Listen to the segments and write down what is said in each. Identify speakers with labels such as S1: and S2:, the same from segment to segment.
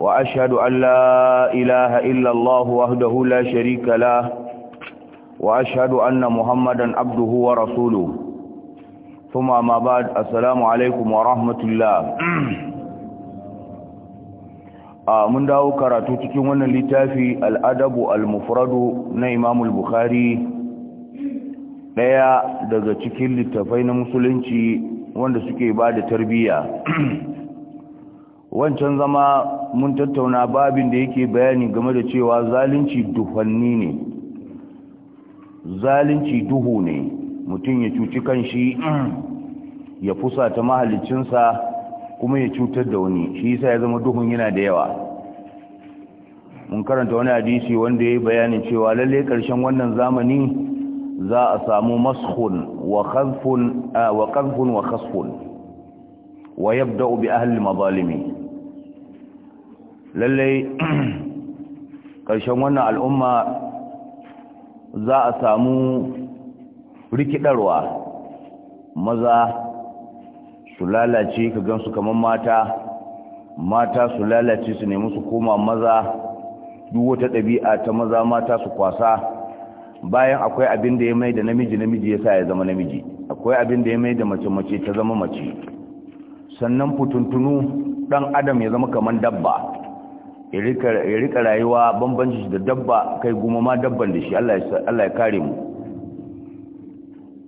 S1: وأشهد أن لا إله إلا الله وحده لا شريك له وأشهد أن محمدا عبده ورسوله ثم ما بعد السلام عليكم ورحمة الله mun dawo karatu cikin wannan littafi al'adabu al-mufradu na Imam al-Bukhari daya daga cikin littafai na musulunci wanda suke ba da tarbiyya wancan zama mun tattauna babin da yake bayani game da cewa zalunci duhanni ne zalunci duhu ne mutum ya cuci kanshi ya ta mahalicinsa kuma ya cutar da wani shi yasa ya zama duhun yana da yawa mun karanta wani hadisi wanda ya yi bayanin cewa lalle karshen wannan zamani za a samu mashun wa ƙarfin wa ƙasfun wa yabda'u bi ahli mazalimi lallai ƙarshen wannan al'umma za a samu rikidarwa maza su lalace ka gansu kamar mata mata su lalace su nemi su koma maza duk wata ɗabi'a ta maza mata su kwasa bayan akwai abin da ya mai da namiji namiji ya sa ya zama namiji akwai abin da ya mai da mace mace ta zama mace sannan fututunu ɗan adam ya zama kamar dabba ya rika rayuwa bambanci da dabba kai goma ma dabban da shi Allah ya kare mu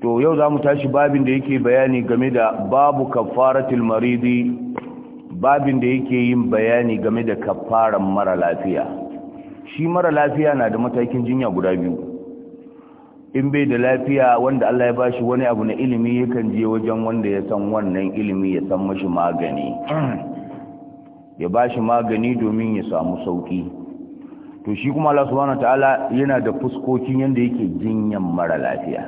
S1: to yau za mu tashi babin da yake bayani game da babu kafaratul maridi babin da yake yin bayani game da kafaran mara lafiya shi mara lafiya na da matakin jinya guda biyu in bai da lafiya wanda Allah ya bashi wani abu na ilimi yakan je wajen wanda ya san wannan ilimi ya san mashi magani ya ba shi magani domin ya samu sauki to shi kuma Allah subhanahu wataala yana da fuskokin yanda yake jinyan mara lafiya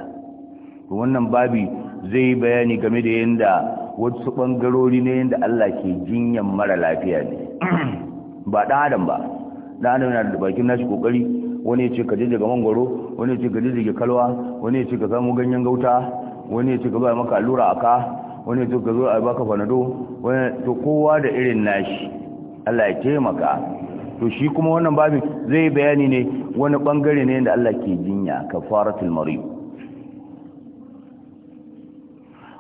S1: to wannan babi zai yi bayani game da yanda wasu bangarori ne yanda Allah ke jinyan mara lafiya ne ba dan adam ba dan adam yana da bakin nashi kokari wani ya ce ka je daga mangoro wani ya ce ka je daga kalwa wani ya ce ka samu ganyen gauta wani ya ce ka ba maka allura aka wani ya ce ka zo a baka fanado wani to kowa da irin nashi Allah ya taimaka to shi kuma wannan babin zai bayani ne wani bangare ne da Allah ke jinya kafaratul marid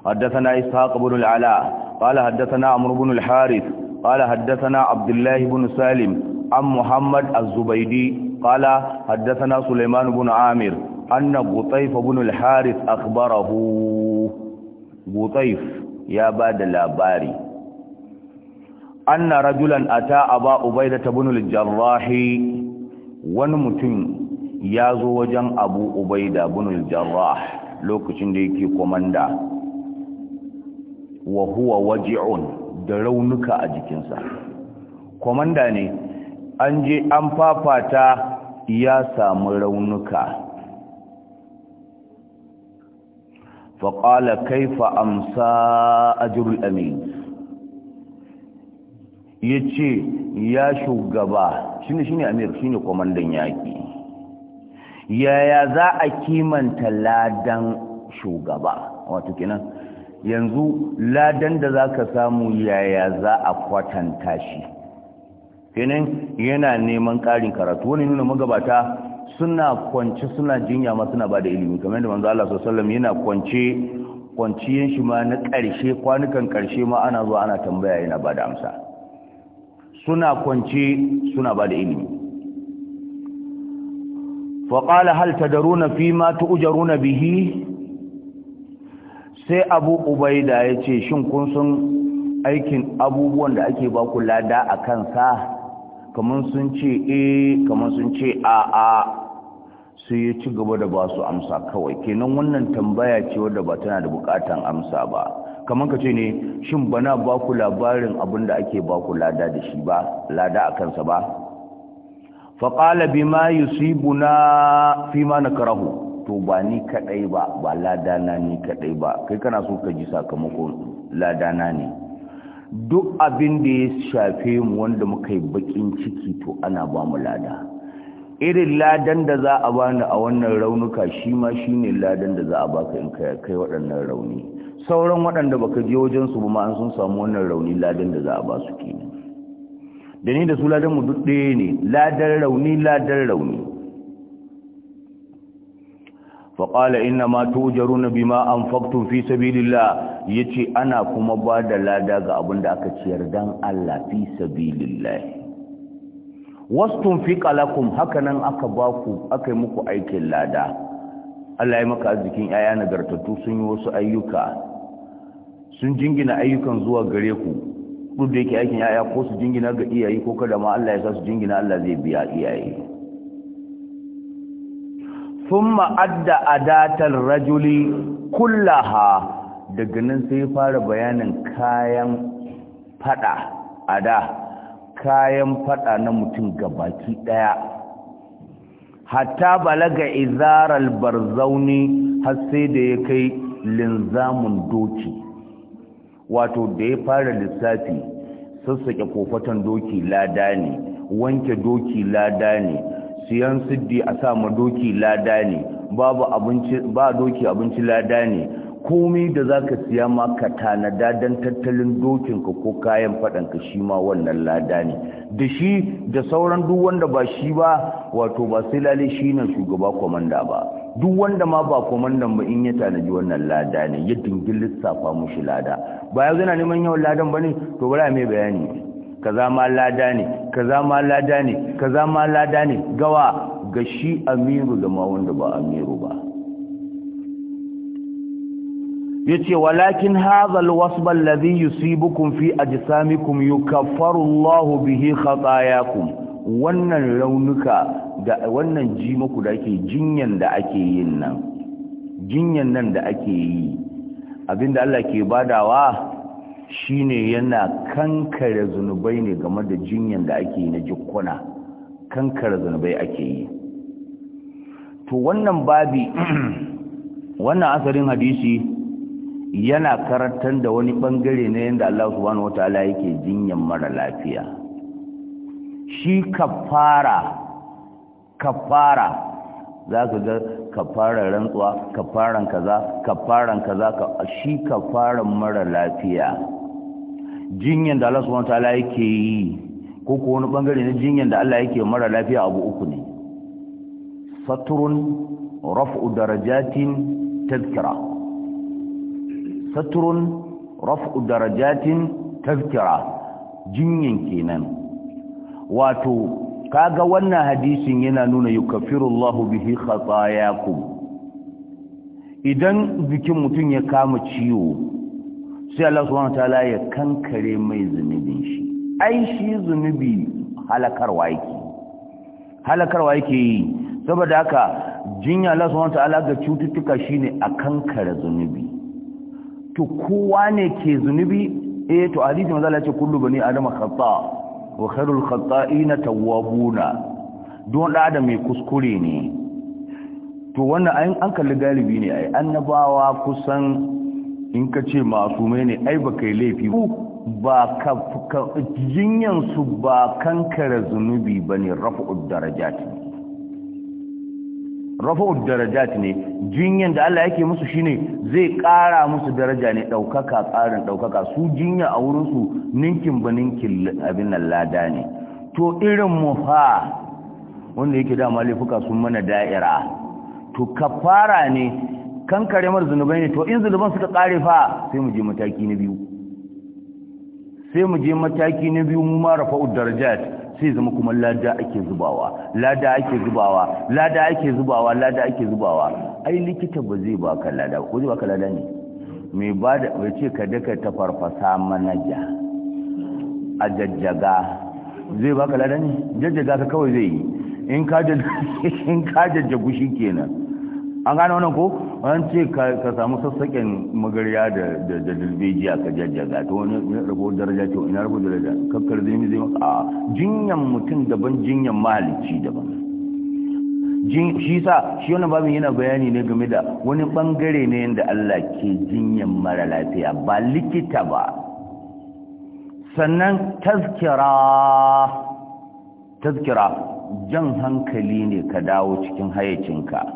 S1: حدثنا إسحاق بن العلاء قال حدثنا عمرو بن الحارث قال حدثنا عبد الله بن سالم عن محمد الزبيدي قال حدثنا سليمان بن عامر أن قطيف بن الحارث أخبره قطيف يا باد الأباري anna rajulan ata aba ubaida ibn al-jarrah wani mutum ya zo wajen abu ubaida ibn al-jarrah lokacin da yake komanda wa huwa waji'un da raunuka a jikinsa komanda ne an je an fafata ya samu raunuka faƙala kaifa amsa ajirul amin ya ce ya shugaba shi ne amir ne kwamandan yaƙi yaya za a kimanta ladan shugaba wato yanzu ladan da za ka samu yaya za a kwatanta shi kenan yana neman ƙarin karatu wani nuna magabata suna kwanci suna jinya ma suna ba ilimi kamar yadda manzo Allah sallallahu yana kwanci kwanciyen shi ma na ƙarshe kwanukan ƙarshe ma ana zuwa ana tambaya yana bada amsa suna kwance suna ba da ilimi faƙala hal tadaruna fi ma tu'jaruna bihi sai abu ubaida ya ce shin kun sun aikin abubuwan da ake ba ku lada a kansa kaman sun ce eh sun ce a'a sai ya ci gaba da ba su amsa kawai kenan wannan tambaya ce wadda ba tana da bukatan amsa ba kamar ka ce ne shin bana ba ku labarin abin da ake ba ku lada da shi ba lada a kansa ba faƙala bi ma na fi ma karahu to ba ni kadai ba ba lada na ni kadai ba kai kana so ka ji sakamakon lada na ne duk abin da ya shafe mu wanda muka yi bakin ciki to ana ba mu lada irin ladan da za a bani a wannan raunuka shi ma shine ladan da za a baka in kai waɗannan rauni sauran waɗanda baka je wajen su ma an sun samu wannan rauni ladan da za a ba su kenan da ni da su ladan mu duk ɗaya ne ladan rauni ladan rauni faƙala ina ma tujaru na bima an faktun fi sabilillah ya ce ana kuma ba da lada ga abin da aka ciyar don Allah fi wasu wastun fi ƙalakun hakanan aka ba ku aka yi muku aikin lada Allah ya maka arzikin ‘ya'ya nagartattu sun yi wasu ayyuka sun jingina ayyukan zuwa gare ku duk da yake aikin yaya ko su jingina ga iyaye ko kada ma Allah ya sa su jingina Allah zai biya iyaye thumma adda adatal rajuli kullaha daga nan sai fara bayanin kayan fada ada kayan fada na mutum gabaki daya hatta balaga izaral barzauni har sai da ya kai linzamun doki wato da ya fara lissafi sassaƙe kofatan doki lada ne wanke doki lada ne siyan siddi a sama doki lada ne ba doki abinci lada ne komai da zaka siya ma ka tanada dan tattalin dokinka ko kayan faɗanka shi ma wannan lada ne da shi da sauran duk wanda ba shi ba wato ba sai lalle shine shugaba kwamanda ba duk wanda ma ba komandan ba in ya tanaji wannan lada ne ya dingin lissafa mushi lada ba ya zana neman yawan ladan ba ne to bari mai bayani kaza ma lada ne kaza ma lada ne kaza ma lada ne gawa ga shi amiru da ma wanda ba amiru ba yace walakin hadha alwasb alladhi yusibukum fi ajsamikum yukaffaru Allahu bihi khatayakum wannan raunuka da wannan muku da ake jinyan da ake yin nan jinyan nan da ake yi abinda Allah ke badawa shine yana kankare zunubai ne game da jinyan da ake yi na jikkuna kankare zunubai ake yi to wannan babi wannan asarin hadisi yana karantar da wani bangare na yadda Allah subhanahu wataala yake jinyan mara lafiya shi kafara kafara za ka ga kafaran rantsuwa kafaran kaza kafaran kaza ka shi kafaran mara lafiya jinyan da Allah subhanahu wataala yake yi ko ko wani bangare na jinyan da Allah yake mara lafiya abu uku ne saturun raf'u darajatin tazkira saturun raf'u darajatin tazkira jinyan kenan wato kaga wannan hadisin yana nuna yukaffirullahu bihi khatayakum idan jikin mutum ya kama ciwo sai Allah subhanahu wataala ya kankare mai zunubin shi ai shi zunubi halakarwa yake halakarwa yake yi saboda haka jinya Allah subhanahu wataala ga cututtuka shine a kankare zunubi to kowa ne ke zunubi eh to hadisi manzo Allah ya ce kullu bani adama khata wa khairul khata'ina tawwabuna don da adam mai kuskure ne to wannan ayin an kalli galibi ne ai annabawa kusan in ka ce masumai ne ai ba kai laifi ba ka jinyan su ba kankara zunubi bane rafu'ud darajat rafa'ud darajat ne jinyan da Allah yake musu shine zai kara musu daraja ne ɗaukaka ƙarin ɗaukaka su jinya a wurinsu ninkin ba ninkin abin nan lada ne to irin mu wanda yake dama laifuka sun mana da'ira to kafara ne kan kare mar zanubai ne to in zanuban suka kare fa sai mu je mataki na biyu sai mu je mataki na biyu mu ma rafa'ud darajat sai zama kuma lada ake zubawa lada ake zubawa lada ake zubawa lada ake zubawa ai likita ba zai baka lada ko zai baka lada ne mai ba da bai ce ka daka ta farfasa manaja a jajjaga zai baka lada ne jajjaga ka kawai zai yi in ka jajjagu shi kenan an gano wannan ko an ce ka samu sassaƙen magarya da da dalbejiya ka jajjaga to wani rabo daraja ce ina rabo daraja kakkar zai zai a jinyan mutum daban jinyan mahalicci daban shi sa shi wannan babin yana bayani ne game da wani bangare ne yadda Allah ke jinyan mara lafiya ba likita ba sannan tazkira tazkira jan hankali ne ka dawo cikin hayacinka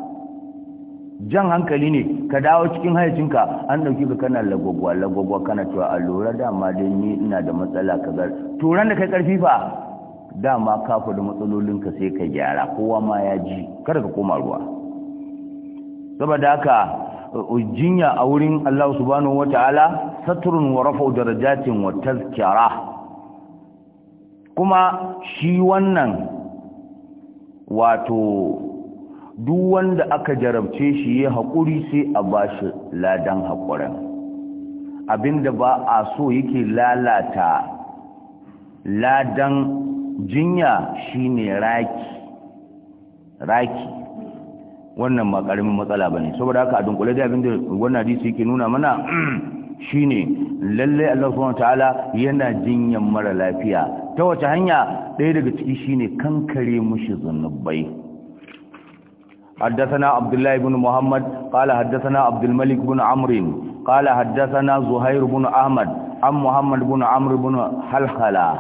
S1: jan hankali ne ka dawo cikin hayacinka an dauki ka kana lagwagwa lagwagwa kana cewa a lura dama dai ni ina da matsala kaza turan da kai karfi fa dama ka matsalolin ka sai ka gyara kowa ma ya ji kada ka koma ruwa saboda haka uh, jinya a wurin Allah subhanahu wataala satrun wa rafa'u darajatin wa tazkira kuma shi wannan wato duk wanda aka jarabce shi ya haƙuri sai a ba shi ladan haƙurin abinda ba a so yake lalata ladan jinya shine raki raki wannan ba ƙaramin matsala bane saboda haka a dunkule da abinda wannan hadisi yake nuna mana shine lallai Allah subhanahu wataala yana jinyan mara lafiya ta wace hanya ɗaya daga ciki shine kankare mushi zunubai حدثنا عبد الله بن محمد قال حدثنا عبد الملك بن عمرو قال حدثنا زهير بن احمد عن محمد بن عمرو بن حلخلة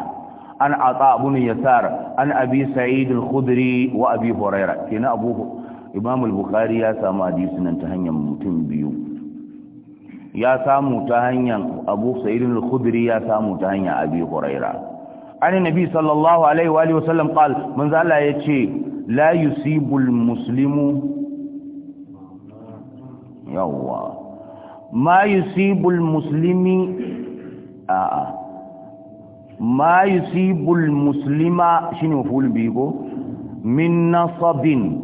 S1: عن عطاء بن يسار عن ابي سعيد الخدري وابي هريره كنا ابو imam al-bukhari ya samu hadisi nan ta hanyar mutum biyu ya samu ta hanyar abu sa'id al ya samu ta hanyar abi huraira an nabi sallallahu alaihi wa alihi wasallam la yusibul muslimu yawwa ma yusibul muslimi a'a ma yusibul muslima shine maful bigo min nasabin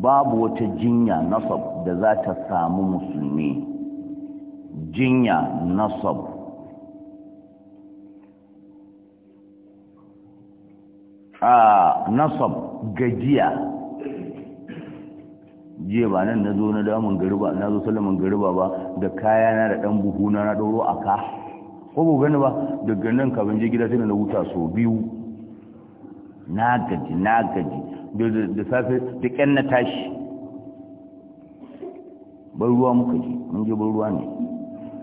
S1: babu wata jinya nasab da za ta samu musulmi jinya nasab a nasab gajiya jiya ba nan na zo na damun gariba na zo salaman gariba ba da kaya na da ɗan buhuna na ɗoro a ka ko ba gani ba daga nan kafin je gida sai na huta so biyu na gaji na gaji da safe da ƙyan na tashi ban ruwa muka ji mun je ban ruwa ne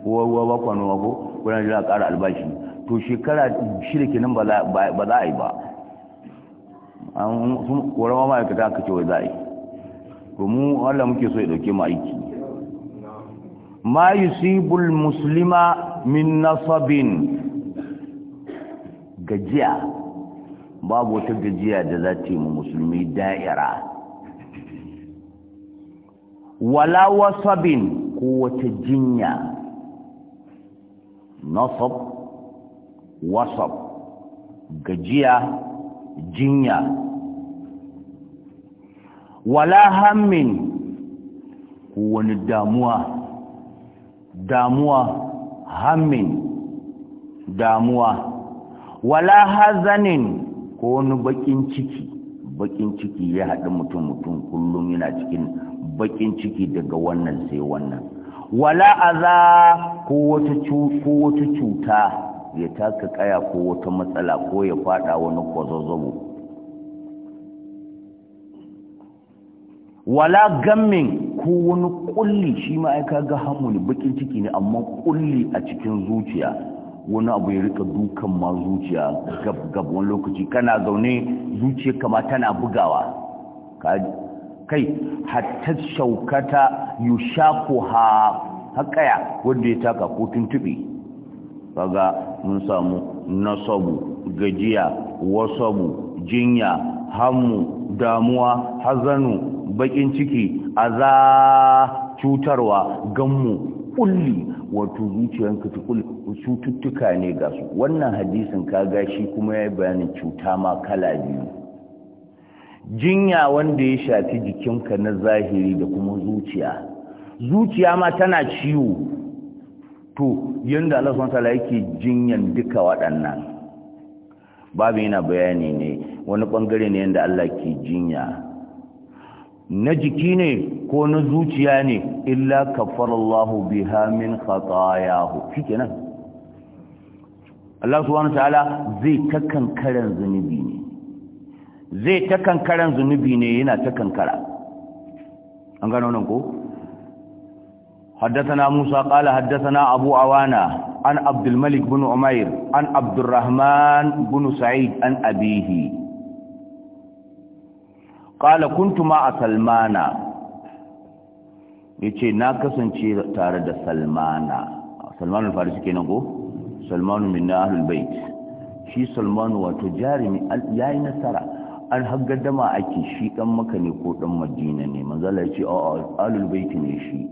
S1: kowa ruwa ba kwanowa ko kuna jira ƙara albashi to shekara shirki kenan ba za a yi ba an wani ma'aikata aka ce wai za a yi domin allah muke so ya dauke mu aiki ma yusibul muslima min nasabin gajiya babu wata gajiya da za ta yi musulmi da'ira wala wasabin ko wata jinya nasab wasab gajiya jinya wala hammin ko wani damuwa damuwa hammin damuwa wala hazanin ko wani bakin ciki bakin ciki ya haɗu mutum mutum kullum yana cikin bakin ciki daga wannan sai wannan wala aza ko wata cuta ya taka kaya ko wata matsala ko ya fada wani kwazazzabo wala gammin ko wani kulli shi aika ga hamu ne bakin ciki ne amma kulli a cikin zuciya wani abu ya rika dukan ma zuciya gab wani lokaci kana zaune zuciya kama tana bugawa kai hatta shaukata yushaku ha haƙaya wanda ya taka ko tuntuɓe kaga mun samu nasabu gajiya wasabu jinya hamu, damuwa hazanu bakin ciki a za cutarwa ganmu kulli wato zuciyanka ta cututtuka ne ga su wannan hadisin ka shi kuma ya bayanin cuta ma kala biyu jinya wanda ya shafi jikinka na zahiri da kuma zuciya zuciya ma tana ciwo to yanda Allah subhanahu wataala yake jinyan duka waɗannan babu yana bayani ne wani bangare ne yanda Allah ke jinya na jiki ne ko na zuciya ne illa kafarallahu biha min khatayahu shikenan Allah subhanahu wataala zai takankaran zunubi ne zai takankaran zunubi ne yana kankara. an gano nan ko حدثنا موسى قال حدثنا أبو عوانة عن عبد الملك بن عمير عن عبد الرحمن بن سعيد عن أبيه Ƙala kuntu ma salmana yace na kasance tare da salmana salman al-farisi kenan go salmanu min shi salmanu wato ya yayi nasara an haggadama ake shi ɗan maka ne ko ɗan madina ne manzala yace a ahlul ne shi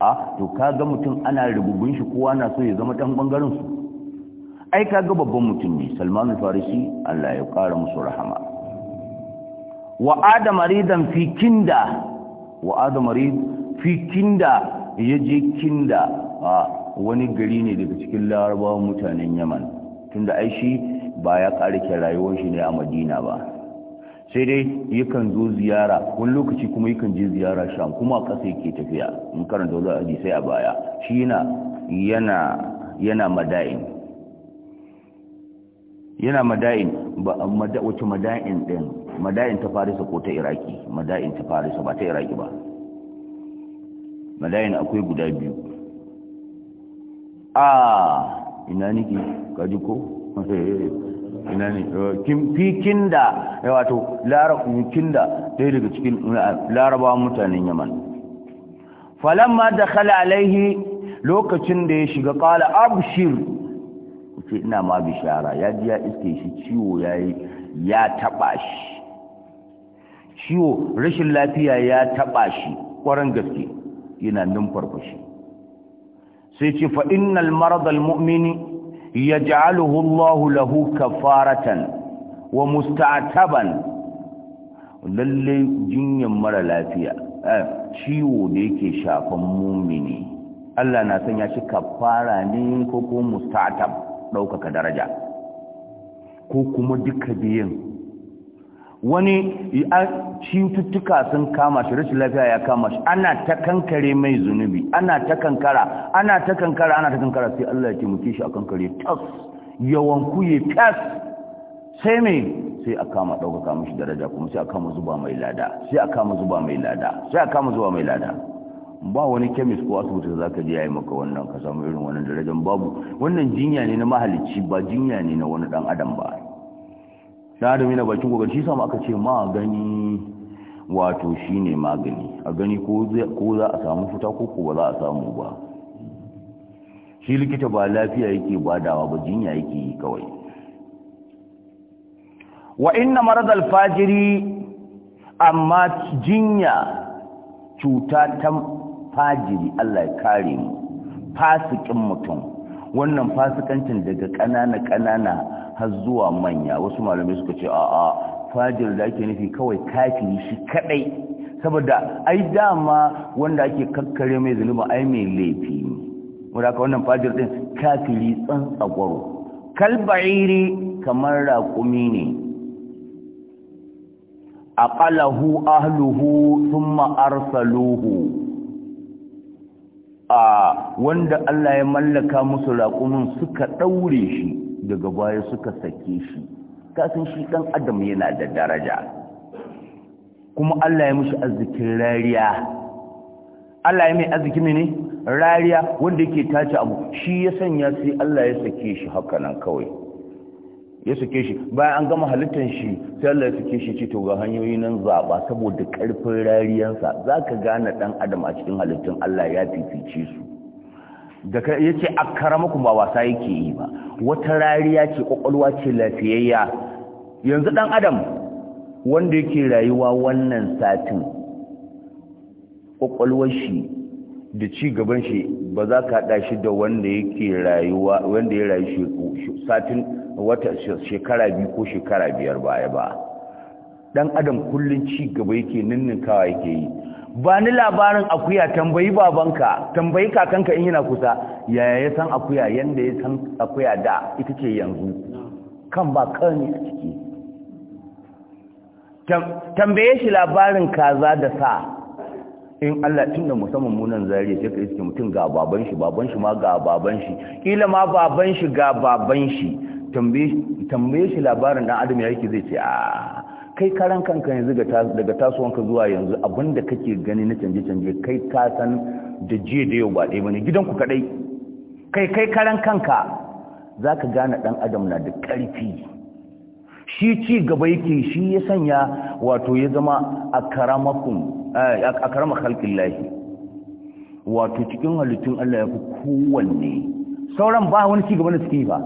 S1: a to kaga mutum ana rububin shi kowa na so ya zama dan ɓangarinsu? ai kaga babban mutum ne salman farisi Allah ya kara musu rahama wa ada maridan fi kinda wa ada marid fi kinda yaje kinda wani gari ne daga cikin larabawa mutanen yaman tunda ai shi ba ya ke rayuwar shi ne a madina ba sai dai yakan zo ziyara wani lokaci kuma yakan je ziyara sham kuma kasa yake tafiya in karanta wasu hadisai a baya shi yana yana yana mada'in yana mada'in ba wace mada'in din madain ta farisa ko ta iraki madain ta farisa ba ta iraki ba madain akwai guda biyu a ina niki kaji ko ina ne kin fikin da wato kin da dai daga cikin laraba mutanen yaman falamma dakhala alaihi lokacin da ya shiga qala abshir ce ina ma bishara ya ji ya iske shi ciwo yayi ya taba shi ciwo rashin lafiya ya taɓa shi ƙwarar gaske yana numfarfashi sai ce fa innal maradal mu'mini yaj'aluhu Allahu lahu kafaratan wa musta'ataban. lalle jinyan mara lafiya eh, ciwo da yake shafan mu'mini Allah na sanya shi kafara ne ko ko musta'tab ɗaukaka daraja ko kuma duka biyan wani cututtuka sun kama shi rashin lafiya ya kama shi ana ta kankare mai zunubi ana ta kankara ana ta kankara ana ta kankara sai Allah ya taimake shi a kankare tas yawan kuye tas sai me sai a kama ɗaukaka shi daraja kuma sai a kama zuba mai lada sai a kama zuba mai lada sai a kama zuba mai lada ba wani kemis ko asibiti da zaka je yayi maka wannan ka samu irin wannan darajar babu wannan jinya ne na mahalicci ba jinya ne na wani dan adam ba da adam yana bakin gogar shi samu aka ce ma gani wato shine magani a gani ko za a samu fita ko ko ba za a samu ba shi likita ba lafiya yake badawa ba jinya yake yi kawai wa inna maradal fajiri amma jinya cuta ta fajiri Allah ya kare mu fasikin mutum wannan fasikancin daga ƙanana ƙanana har zuwa manya wasu malamai suka ce a'a fajir da ake nufi kawai kafiri shi kadai saboda ai dama wanda ake kakkare mai zunuba ai mai laifi ne wanda ka wannan fajir din kafiri tsagwaro kalba'iri kamar raƙumi ne aqalahu ahluhu thumma arsaluhu a wanda Allah ya mallaka musu raƙumin suka ɗaure shi daga baya suka sake shi kasan shi dan adam yana da daraja kuma Allah ya mishi azzikin rariya Allah ya mai arziki ne rariya wanda yake tace abu shi ya sanya sai Allah ya sake shi haka nan kawai ya sake shi bayan an gama halittar shi sai Allah ya sake shi ce to ga hanyoyi nan zaba saboda karfin rariyansa zaka gane dan adam a cikin halittun Allah ya fifice su da ka a akramakum ba wasa yake yi ba wata rariya ce kwakwalwa ce lafiyayya yanzu dan adam wanda yake rayuwa wannan satin kwakwalwar shi da ci gaban shi ba za ka haɗa shi da wanda yake rayuwa wanda ya rayu satin wata shekara biyu ko shekara biyar baya ba dan adam kullum ci gaba yake ninninkawa yake yi ba ni labarin akuya tambayi babanka tambayi kakanka in yana kusa yaya ya san akuya yanda ya san akuya da ita ce yanzu kan ba kani a ciki tambaye shi labarin kaza da sa in Allah tun da musamman munan zariya ce ka iske mutum ga baban shi baban shi ma ga baban shi kila ma baban shi ga baban shi tambaye shi labarin dan adam ya yake zai ce a ah, kai karan kanka yanzu daga tasowanka zuwa yanzu abinda kake gani na canje-canje kai kasan da jiya da yau ba ɗaya bane gidanku kaɗai kai kai karan kanka za ka gane ɗan adam na da ƙarfi shi ci gaba yake shi ya sanya wato ya zama eh, a karama halkin lahi wato cikin halittun Allah ya fi kowanne sauran ba wani ci gaba da suke yi ba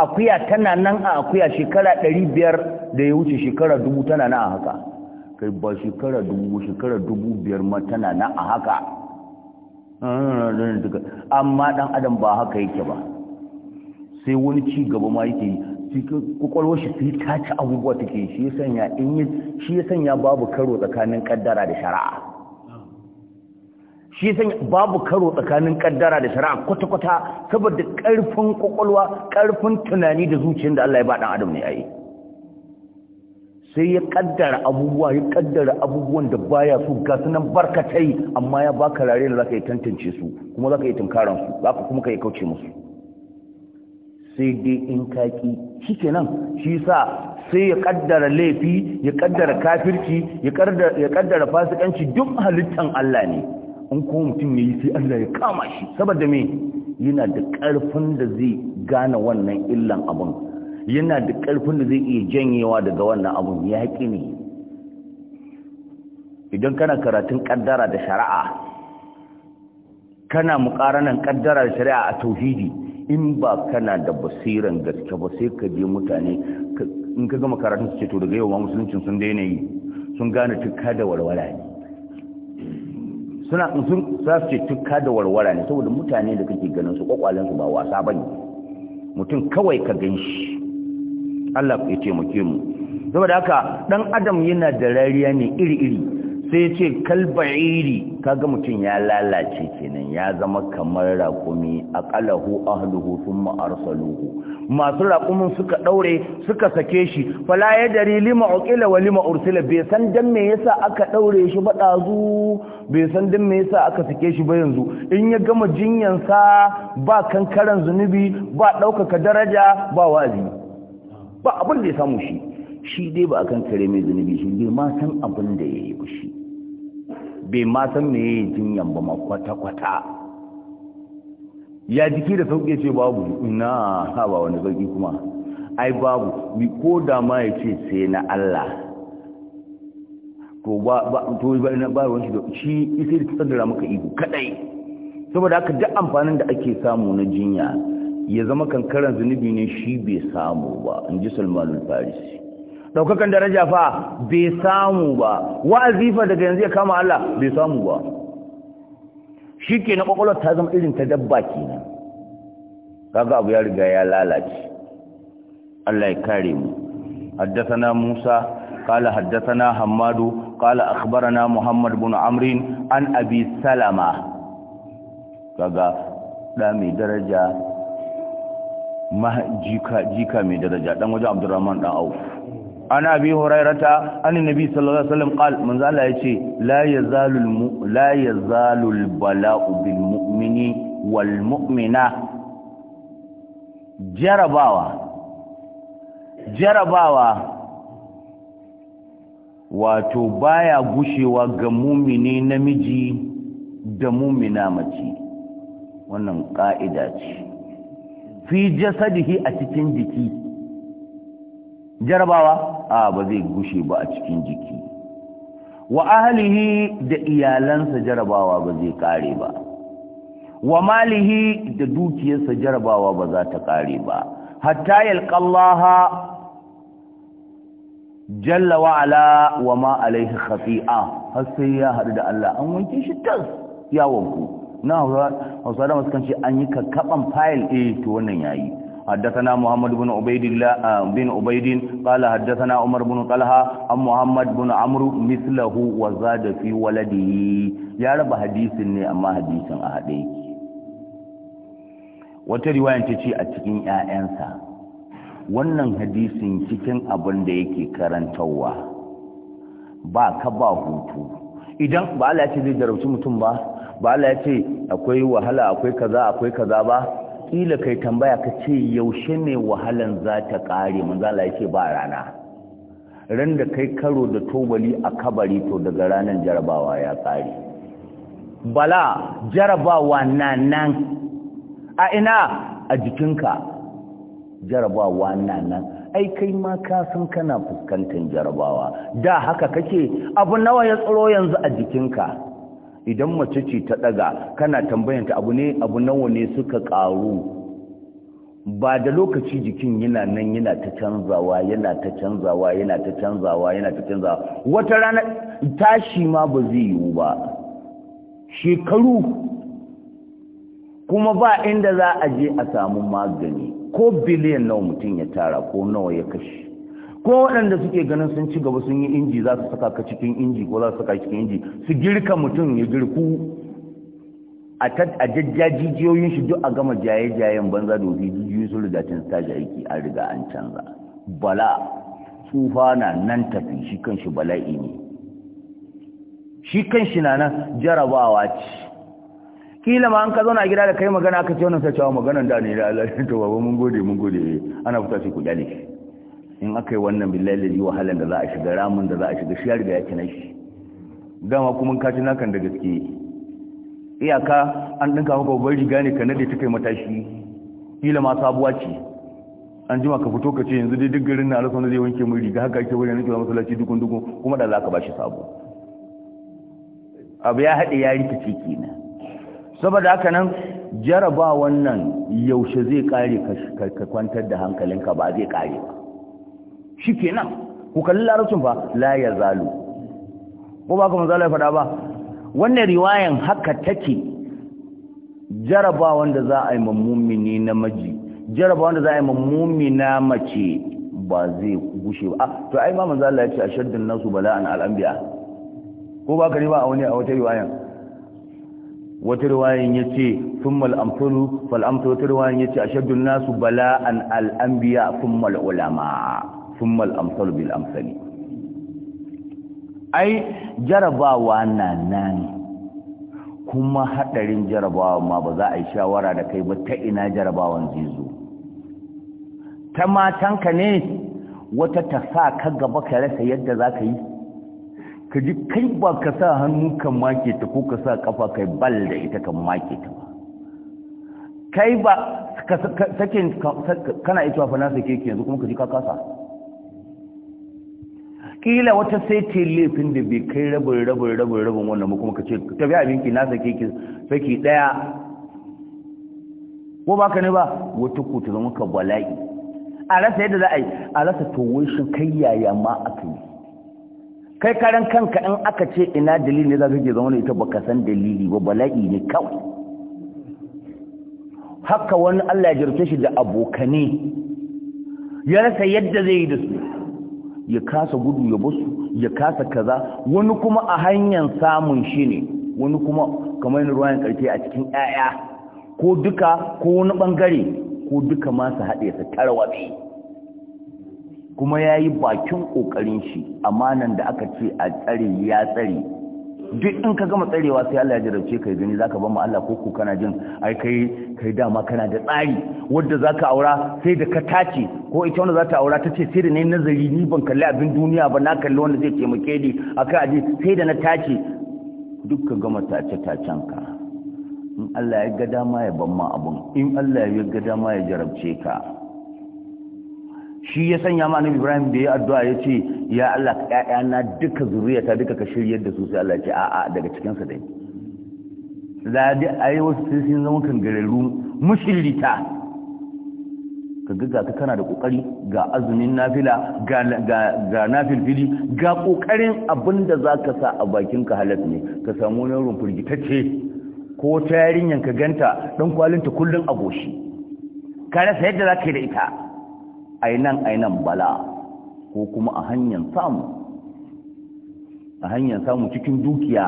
S1: akuya tana nan a akuya shekara ɗari biyar da ya wuce shekara dubu tana na a haka kai ba shekara dubu shekara dubu biyar ma tana na a haka amma ɗan adam ba haka yake ba sai wani ci gaba ma yake yi kwakwalwar shi sai ta ci abubuwa take shi ya sanya in yi shi ya sanya babu karo tsakanin kaddara da shari'a shi san babu karo tsakanin kaddara da shari'a kwata-kwata saboda karfin kwakwalwa karfin tunani da zuciyar da Allah ya ba dan adam ne ai sai ya kaddara abubuwa ya kaddara abubuwan da baya su ga sunan barkatai amma ya baka rare da zaka yi tantance su kuma zaka yi tunkaran su zaka kuma kai kauce musu sai dai in kaki shikenan shi sa sai ya kaddara laifi ya kaddara kafirci ya kaddara fasikanci duk halittan Allah ne in kuma mutum ya yi sai Allah ya kama shi saboda me yana da ƙarfin da zai gane wannan illan abun yana da ƙarfin da zai iya janyewa daga wannan abun ya haƙi ne idan kana karatun ƙaddara da shari'a kana muƙaranan ƙaddara da shari'a a tauhidi in ba kana da basiran gaske ba sai ka je mutane in ka gama karatun su ce to daga yau ma musuluncin sun daina yi sun gane tukka da walwala ne suna sun za su ce tukka da warwara ne saboda mutane da kake ganin su kwakwalen su ba wasa bane mutum kawai ka ganshi Allah ya taimake mu saboda haka dan adam yana da rariya ne iri-iri sai ce kalba'iri ga mutum ya lalace kenan ya zama kamar raƙumi aqalahu ahluhu thumma arsaluhu masu raƙumin suka daure suka sake shi fala ya dari lima uqila wa lima ursila bai san dan me yasa aka daure shi ba dazu bai san dan me yasa aka sake shi ba yanzu in ya gama jinyan sa ba kankaran zunubi ba ɗaukaka daraja ba wazi ba abin da ya samu shi shi dai ba akan kare mai zunubi shi dai ma san abin da ya yi shi bai ma san me yayi jinyan ba ma kwata kwata ya jiki da sauki ce babu ina ha ba wani sauki kuma ai babu bi ko da ma ya ce sai na Allah to ba to ba ba wani shi da shi isa da tsadara maka ihu kadai saboda haka duk amfanin da ake samu na jinya ya zama kankaran zunubi ne shi bai samu ba in ji Salman al-Farisi daukakan daraja fa bai samu ba wa'azi daga yanzu ya kama Allah bai samu ba Shi na kwakwalwar ta zama irin ta dabba kenan kaga abu ya riga ya lalace Allah ya kare mu haddathana Musa قال حدثنا حماد قال اخبرنا محمد بن عمرو عن ابي سلمة kaga da mai daraja ma jika jika mai daraja dan wajen Abdurrahman dan Auf an abi hurairata an nabi sallallahu alaihi wasallam qal manzo Allah yace la yazalul la yazalul bala'u bil mu'mini wal mu'mina jarabawa jarabawa wato baya gushewa ga mumini namiji da mumina mace wannan ka'ida ce fi jasadihi a cikin jiki jarabawa a ba zai gushe ba a cikin jiki wa ahlihi da iyalansa jarabawa ba zai kare ba wa malihi da dukiyarsa jarabawa ba za ta kare ba hatta yalƙallaha jalla wa ala wa ma alaihi khafi'a har sai ya hadu da Allah an wanke shi tas yawon ku na hausa da masu kan ce an yi kakkaban fayil a eh, to wannan yayi حدثنا محمد بن عبيد الله بن عبيد قال حدثنا عمر بن طلحه ام محمد بن عمرو مثله وزاد في ولده يا رب حديثين ne amma hadisin a hade yake wata riwayan ta ce a cikin ƴaƴansa wannan hadisin cikin abin da yake karantawa ba ka ba hutu idan ba Allah ya ce zai jarabci mutum ba ba Allah ya ce akwai wahala akwai kaza akwai kaza ba kila kai tambaya ka ce yaushe ne wahalan za ta ƙare manzala ya ce ba rana ran da kai karo da tobali a kabari to daga ranar jarabawa ya ƙare bala jarabawa na nan a ina a jikinka jarabawa na nan ai kai ma ka san kana fuskantar jarabawa da haka kake abu nawa ya tsoro yanzu a jikinka idan mace ce ta daga kana tambayanta abu ne abu nawa ne suka karu ba da lokaci jikin yana nan yana ta canzawa yana ta canzawa yana ta canzawa yana ta canzawa wata rana tashi ma ba zai yiwu ba shekaru kuma ba inda za a je a samu magani ko biliyan nawa mutum ya tara ko nawa ya kashe ko waɗanda suke ganin sun ci gaba sun yi inji za su saka ka cikin inji ko za su saka cikin inji su girka mutum ya girku a jajjajijiyoyin shi duk a gama jaye-jayen banza da wufi jijiyoyi sun riga can staji aiki an riga an canza bala tsufa na nan tafi shi kan shi bala'i ne shi kan shi na nan jarabawa ce kila ma an ka zauna a gida da kai magana aka ce wannan sai cewa maganan da ne da Allah to baba mun gode mun gode eh, ana fita shi ku shi in aka yi wannan billahi wahalar da za a shiga ramin da za a shiga shi ya riga ya shi dama kuma kaci nakan da gaske iyaka an ɗinka maka babbar riga ne ka nade ta kai matashi kila ma sabuwa ce an jima ka fito ka ce yanzu dai duk garin na alasan zai wanke mun riga haka ake wani nake masallaci dukun dukun kuma da za ka bashi sabo abu ya haɗe ya rikice kenan saboda haka nan jaraba wannan yaushe zai kare ka kwantar da hankalinka ba zai kare ba shi ku kalli larabcin fa la ya zalu ko ba kuma zalai faɗa ba wannan riwayan haka take jaraba wanda za a yi mummuni namiji jaraba wanda za a yi mummuni na mace ba zai gushe ba ah, to ai ma manzo Allah ya ce ashaddun nasu bala'an al-anbiya ko ba ka ba a wani a wata riwayan wata riwayan ya ce tummal amsalu fal amsalu wata riwayan ya ce ashaddun nasu bala'an al'ambiya tummal ulama thumma al-amsal ai jarabawa na nan kuma haɗarin jarabawa ma ba za a yi shawara da kai ba ta ina jarabawan zai zo ta matanka ne wata ta sa ka gaba ka rasa yadda za ka yi ka ji kai ba ka sa hannu kan maketa ko ka sa kafa kai bal da ita kan maketa. ba kai ba sakin kana ita fa na sake yanzu kuma ka ji ka kasa kila wata sai ce laifin da bai kai rabin rabin rabin rabin wannan mu kuma ka ce biya abinki nasa sake ki saki daya ko ba ka ne ba wata ku ta zama ka bala'i a rasa yadda za a yi a rasa towon shi kai yaya ma aka yi kai karan kanka in aka ce ina dalili ne za ka ke zama ita baka san dalili ba bala'i ne kawai haka wani Allah ya jirce shi da abokane ya rasa yadda zai yi da su ya kasa gudu ya basu ya kasa kaza wani kuma a hanyar samun shi ne wani kuma kamar ruwan karfe a cikin 'ya'ya ko duka ko wani bangare ko duka ma su haɗe su tarwatsi kuma yayi bakin ƙoƙarin shi amanan da aka ce a tsare ya tsare duk in ka gama tsarewa sai Allah ya jarabce ka gani zaka ban mu Allah ko ku kana jin ai kai kai dama kana da tsari wanda zaka aura sai da ka tace ko ita wanda zata aura tace sai da nayi nazari ni ban kalli abin duniya ba na kalli wanda zai taimake ni akai aje sai da na tace duk ka gama tace tacen ka in Allah ya ga dama ya ban ma abun in Allah ya ga dama ya jarabce ka shi ya sanya ma annabi Ibrahim da ya addu'a ya ce ya Allah ƴaƴana duka zuriyata duka ka shiryar da su sai Allah ce a'a daga cikin sa dai da dai ayi wasu sai sun zama kangararru mushirita ka ga ka kana da kokari ga azumin nafila ga ga ga fili ga kokarin abinda zaka sa a bakin ka halat ne ka samu wani rumfur gitacce ko ta yarinyan ka ganta dan kwalinta kullun a goshi ka rasa yadda zaka yi da ita ainan ainan bala ko kuma a hanyar samu a hanyar samu cikin dukiya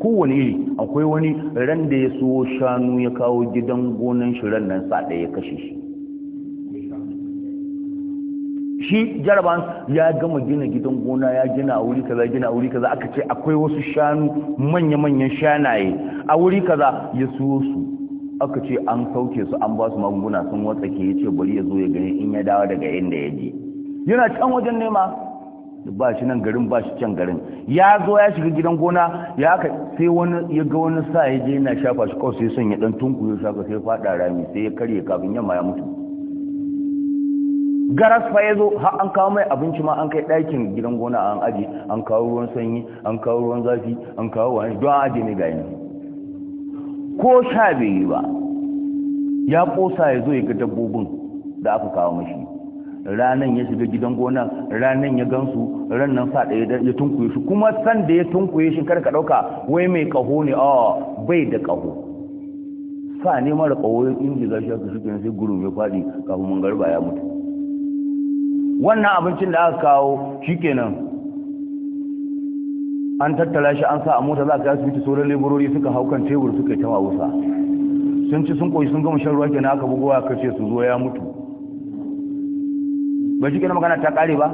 S1: kowane iri akwai wani ran da ya so shanu ya kawo gidan gonan shi ran nan sa ɗaya ya kashe shi shi jaraban ya gama gina gidan gona ya gina a wuri kaza gina a wuri kaza aka ce akwai wasu shanu manya-manyan shanaye a wuri kaza ya siyo su aka ce an sauke su an ba su magunguna sun watsa ke ce bari ya zo ya gani in ya dawo daga inda ya je yana can wajen nema ba shi nan garin ba shi can garin ya zo ya shiga gidan gona ya aka sai wani ya ga wani sa ya je yana shafa shi kawai sai son ya dan tunku ya shaka sai fada rami sai ya karye kafin yamma ya mutu garas fa ya zo har an kawo mai abinci ma an kai ɗakin gidan gona an aji an kawo ruwan sanyi an kawo ruwan zafi an kawo wani don aji ne ga yanzu ko sha bai yi ba ya kosa ya zo ya ga dabbobin da aka kawo mashi ranan ya shiga gidan gona ranan ya gansu ranan sa ɗaya ya tunkuye shi kuma san da ya tunkuye shi karka ɗauka wai mai kaho ne a bai da kaho. sa ne mara kaho inji za shi aka shi sai gurum ya faɗi kafin mun garba ya mutu wannan abincin da aka kawo shikenan an tattara shi an sa a mota za ka yi asibiti sauran laborori suka hau kan tebur suka yi ta wusa sun ci sun koyi sun gama shan ruwa kenan aka bugowa aka ce su zo ya mutu ba shi kenan magana ta kare ba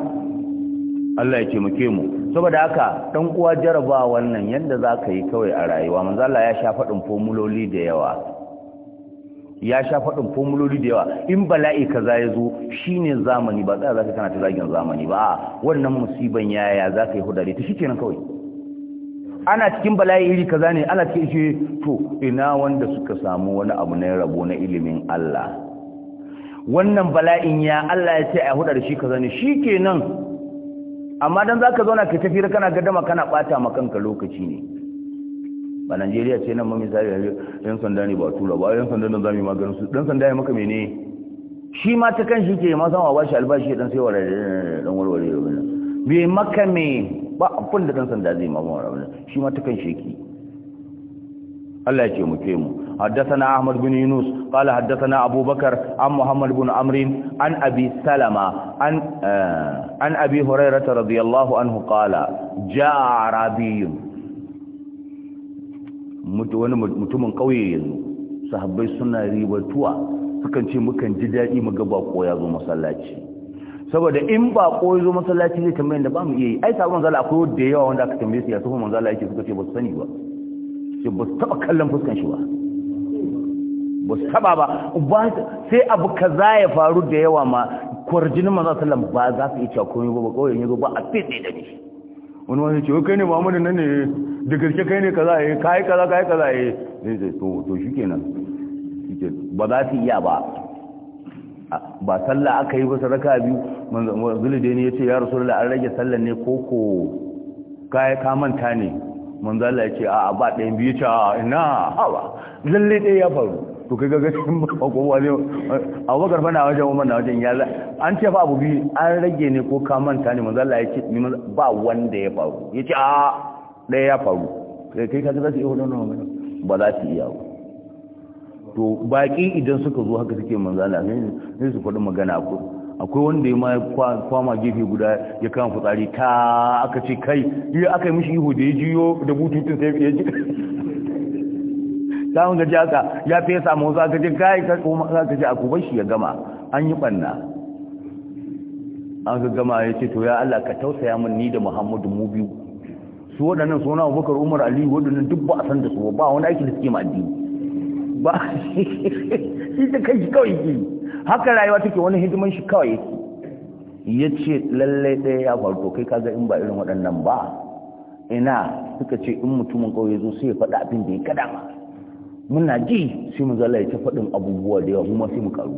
S1: Allah ya ce ke mu saboda haka dan uwa jaraba wannan yanda ka yi kawai a rayuwa manzo Allah ya sha fadin formuloli da yawa ya sha fadin formuloli da yawa in bala'i kaza ya zo shine zamani ba tsaya ka kana ta zagin zamani ba wannan musiban yaya ka yi hudari ta shikenan kawai ana cikin bala'i iri kaza ne ana cikin shi to ina wanda suka samu wani abu na rabo na ilimin Allah wannan bala'in ya Allah ya ce a hudar shi kaza ne shikenan amma dan zaka zauna ka tafi kana gadama kana bata ma kanka lokaci ne ba Najeriya ce nan zai misali yan sanda ne ba tura ba yan sanda nan zamu maganin su dan sanda ya maka mene shi ma ta kan shi ke ma san wa bashi albashi dan sai warware dan warware bai maka me ba abin da ɗan da zai mamu wa rabu shi ma ta kan sheki Allah ya ce mu ke mu حدثنا ahmad bin yunus قال حدثنا أبو بكر عن محمد بن عمرين عن أبي سلمة عن, آه عن أبي هريرة رضي الله عنه قال جاء wani mutumin kauye yanzu sahabbai suna ribatuwa sukan ce mukan ji daɗi mu ga bako ya zo masallaci saboda in ba koyo zo masallaci zai tambayin da ba mu iya yi ai sabon zala akwai da yawa wanda aka tambaye su ya tuhu manzala yake suka ce ba su sani ba shi ba su taba kallon fuskan shi ba ba su taba ba sai abu kaza ya faru da yawa ma kwarjinin manzala sallam ba za su yi cewa ko ba ba kawai yanzu ba a fitse da ni wani wani ce kai ne muhammadu nan ne da gaske kai ne kaza ya eh, yi kaza kayi kaza ya eh. zai to shi kenan ba za su iya ba ba sallah aka yi ba sadaka biyu zulide ne yace ya rasulullah an rage sallan ne koko kai ka manta ne manzo Allah yace a ba ɗayan biyu ta ina hawa lalle dai ya faru to kai ga ganin ko kowa ne Abubakar fa na wajen Umar na wajen ya an ce fa abu biyu an rage ne ko ka manta ne manzo Allah yace ba wanda ya faru yace a ɗaya ya faru kai ka ga zai yi wannan ba za su iya ba to baki idan suka zo haka suke ne ne su faɗi magana akwai akwai wanda ya ma kwama gefe guda ya kama fitsari ta aka ce kai iya aka yi mishi ihu da ya jiyo da bututun sai ya ji ta hunga ji haka ya fi ya samu za ka ji kai ka koma aka ce akubar shi ya gama an yi ɓanna an ga gama ya ce to ya Allah ka tausaya min ni da Muhammadu mu biyu su waɗannan suna Abubakar Umar Ali waɗannan duk ba a san da su ba wani aiki da suke ma addini ba shi da kai kawai yi haka rayuwa take wani hidiman shi kawai yake ya ce lallai ɗaya ya faru to kai kaza in ba irin waɗannan ba ina suka ce in mutumin ƙauye zo sai ya faɗa abin da ya kada ma muna ji sai mu zala ya ta faɗin abubuwa da yawa kuma sai mu karu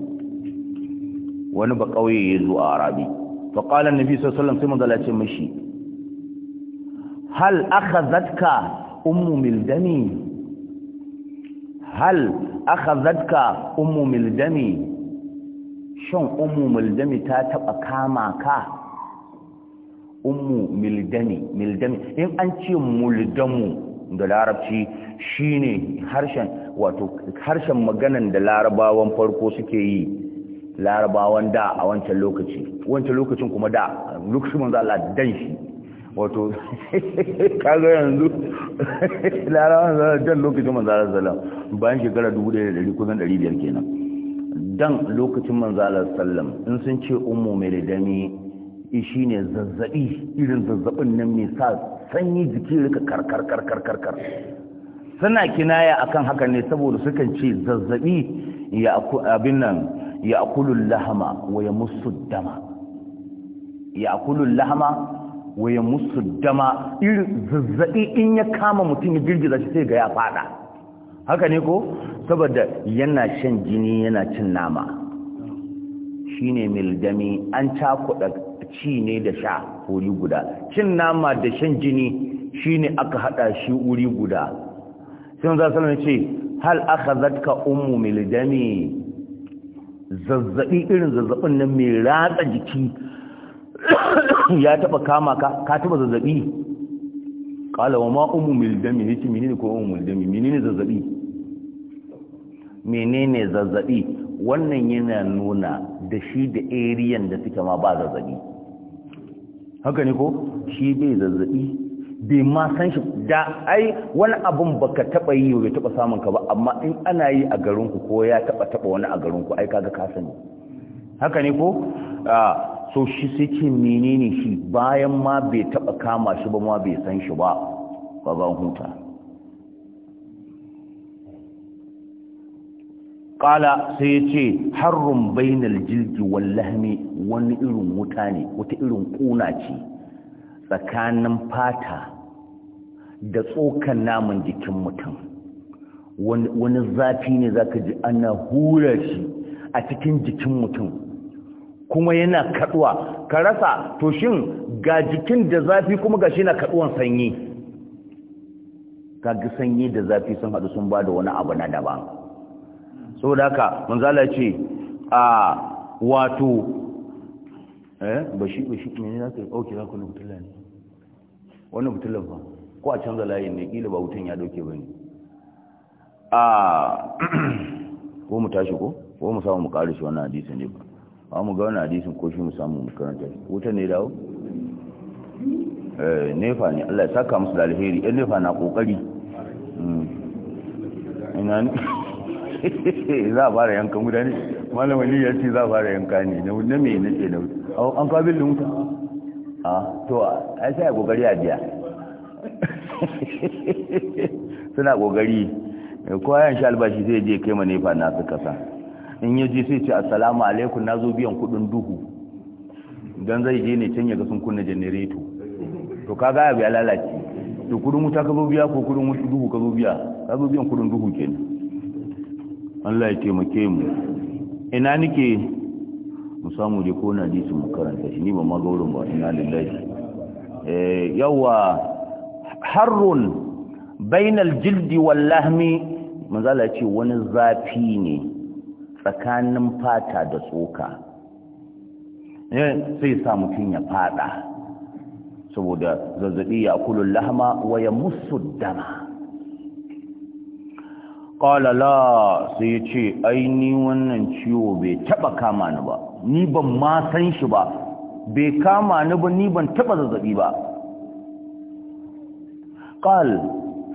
S1: wani ba ƙauye ya zo a arabi fa qala annabi sallallahu alaihi wasallam sai mu zala ce mishi hal akhazatka ummu mildani hal akhadhatka ummu miljami shin ummu miljami ta taba kama ka ummu miljami miljami in an ce muldamu da larabci shine harshen wato harshen maganan da larabawan farko suke yi larabawan da a wancan lokaci wancan lokacin kuma da lokacin manzo Allah dan shi wato kaga yanzu larawan zara dan lokacin manzara sallam bayan shekara 1100 kusan 500 kenan dan lokacin manzara sallam in sun ce ummu mai dami shi ne zazzabi irin zazzabin nan mai sa sanyi jiki rika karkar karkar karkar suna kinaya akan haka ne saboda sukan ce zazzabi ya abin nan ya akulul lahama wa ya musu dama ya akulul lahama waya musu dama irin zazzaɓi in ya kama mutum ya girgiza shi sai ga ya fada haka ne ko saboda yana shan jini yana cin nama shine miljami an cakuɗa ci ne da sha wuri guda cin nama da shan jini shine aka haɗa shi wuri guda sai za su ce hal aka zatka umu miljami zazzaɓi irin zazzaɓin nan mai ratsa jiki ya taba kama ka ka taba zazzabi kala wa ma ummu mildami ce, menene ko ummu mildami menene zazzabi menene zazzabi wannan yana nuna da shi da ariyan da suke ma ba zazzabi haka ne ko shi bai zazzabi bai ma san shi da ai wani abun baka taba yi bai taba samun ka ba amma in ana yi a garin ku ko ya taba taba wani a garin ku ai kaga ka sani haka ne ko ah, so shi suke menene shi bayan ma bai taba kama shi ba ma bai san shi ba ba ban huta kala sai ya ce harrun bainal jirgi wallahmi wani irin wuta ne wata irin kuna ce tsakanin fata da tsokan namun jikin mutum wani zafi ne za ka ji ana hura shi a cikin jikin mutum kuma yana kaduwa ka rasa to shin ga jikin da zafi kuma ga shi na kaduwan sanyi kaga sanyi da zafi sun hadu sun bada wani abu na daban saboda haka manzala ce a wato eh bashi bashi ne na kai oke za ku ne fitilla ne wannan fitillan ba ko a canza layin ne kila ba wutan ya dauke ne a ko mu tashi ko ko mu samu mu kare shi wannan hadisi ne ba ba mu ga wani hadisin ko shi mu samu makaranta wuta ne dawo eh, nefa ne Allah ya saka musu da alheri yan nefa na kokari hmm. ina ne za a fara yanka guda ne malama ne ya ce za a fara yanka ne na mai na ce na wuta an ka billin wuta a to a sai a kokari a biya suna kokari eh, kowa yan shi albashi zai je kai ma nefa na suka sa in yaji sai ce assalamu alaikum na zo biyan kudin duhu dan zai je ne can yaga sun kunna janareto to ka gaya biya lalace to kudin wuta ka zo biya ko kudin wuta duhu ka zo biya ka zo biyan kudin duhu kenan Allah ya taimake mu ina nike mu samu dai ko na jisi mu karanta shi ni ba ma gaurin ba ina lillahi eh yawa harrun bainal jildi wal lahmi manzala ce wani zafi ne tsakanin fata da tsoka eh, sai sa mutum ya fada saboda zazzabi ya kulun lahama wa ya musu dama ƙalala sai ya ce ni wannan ciwo bai taɓa kama ni ba ni ban ma san shi ba bai kama ni ba ni ban taɓa zazzabi ba ƙal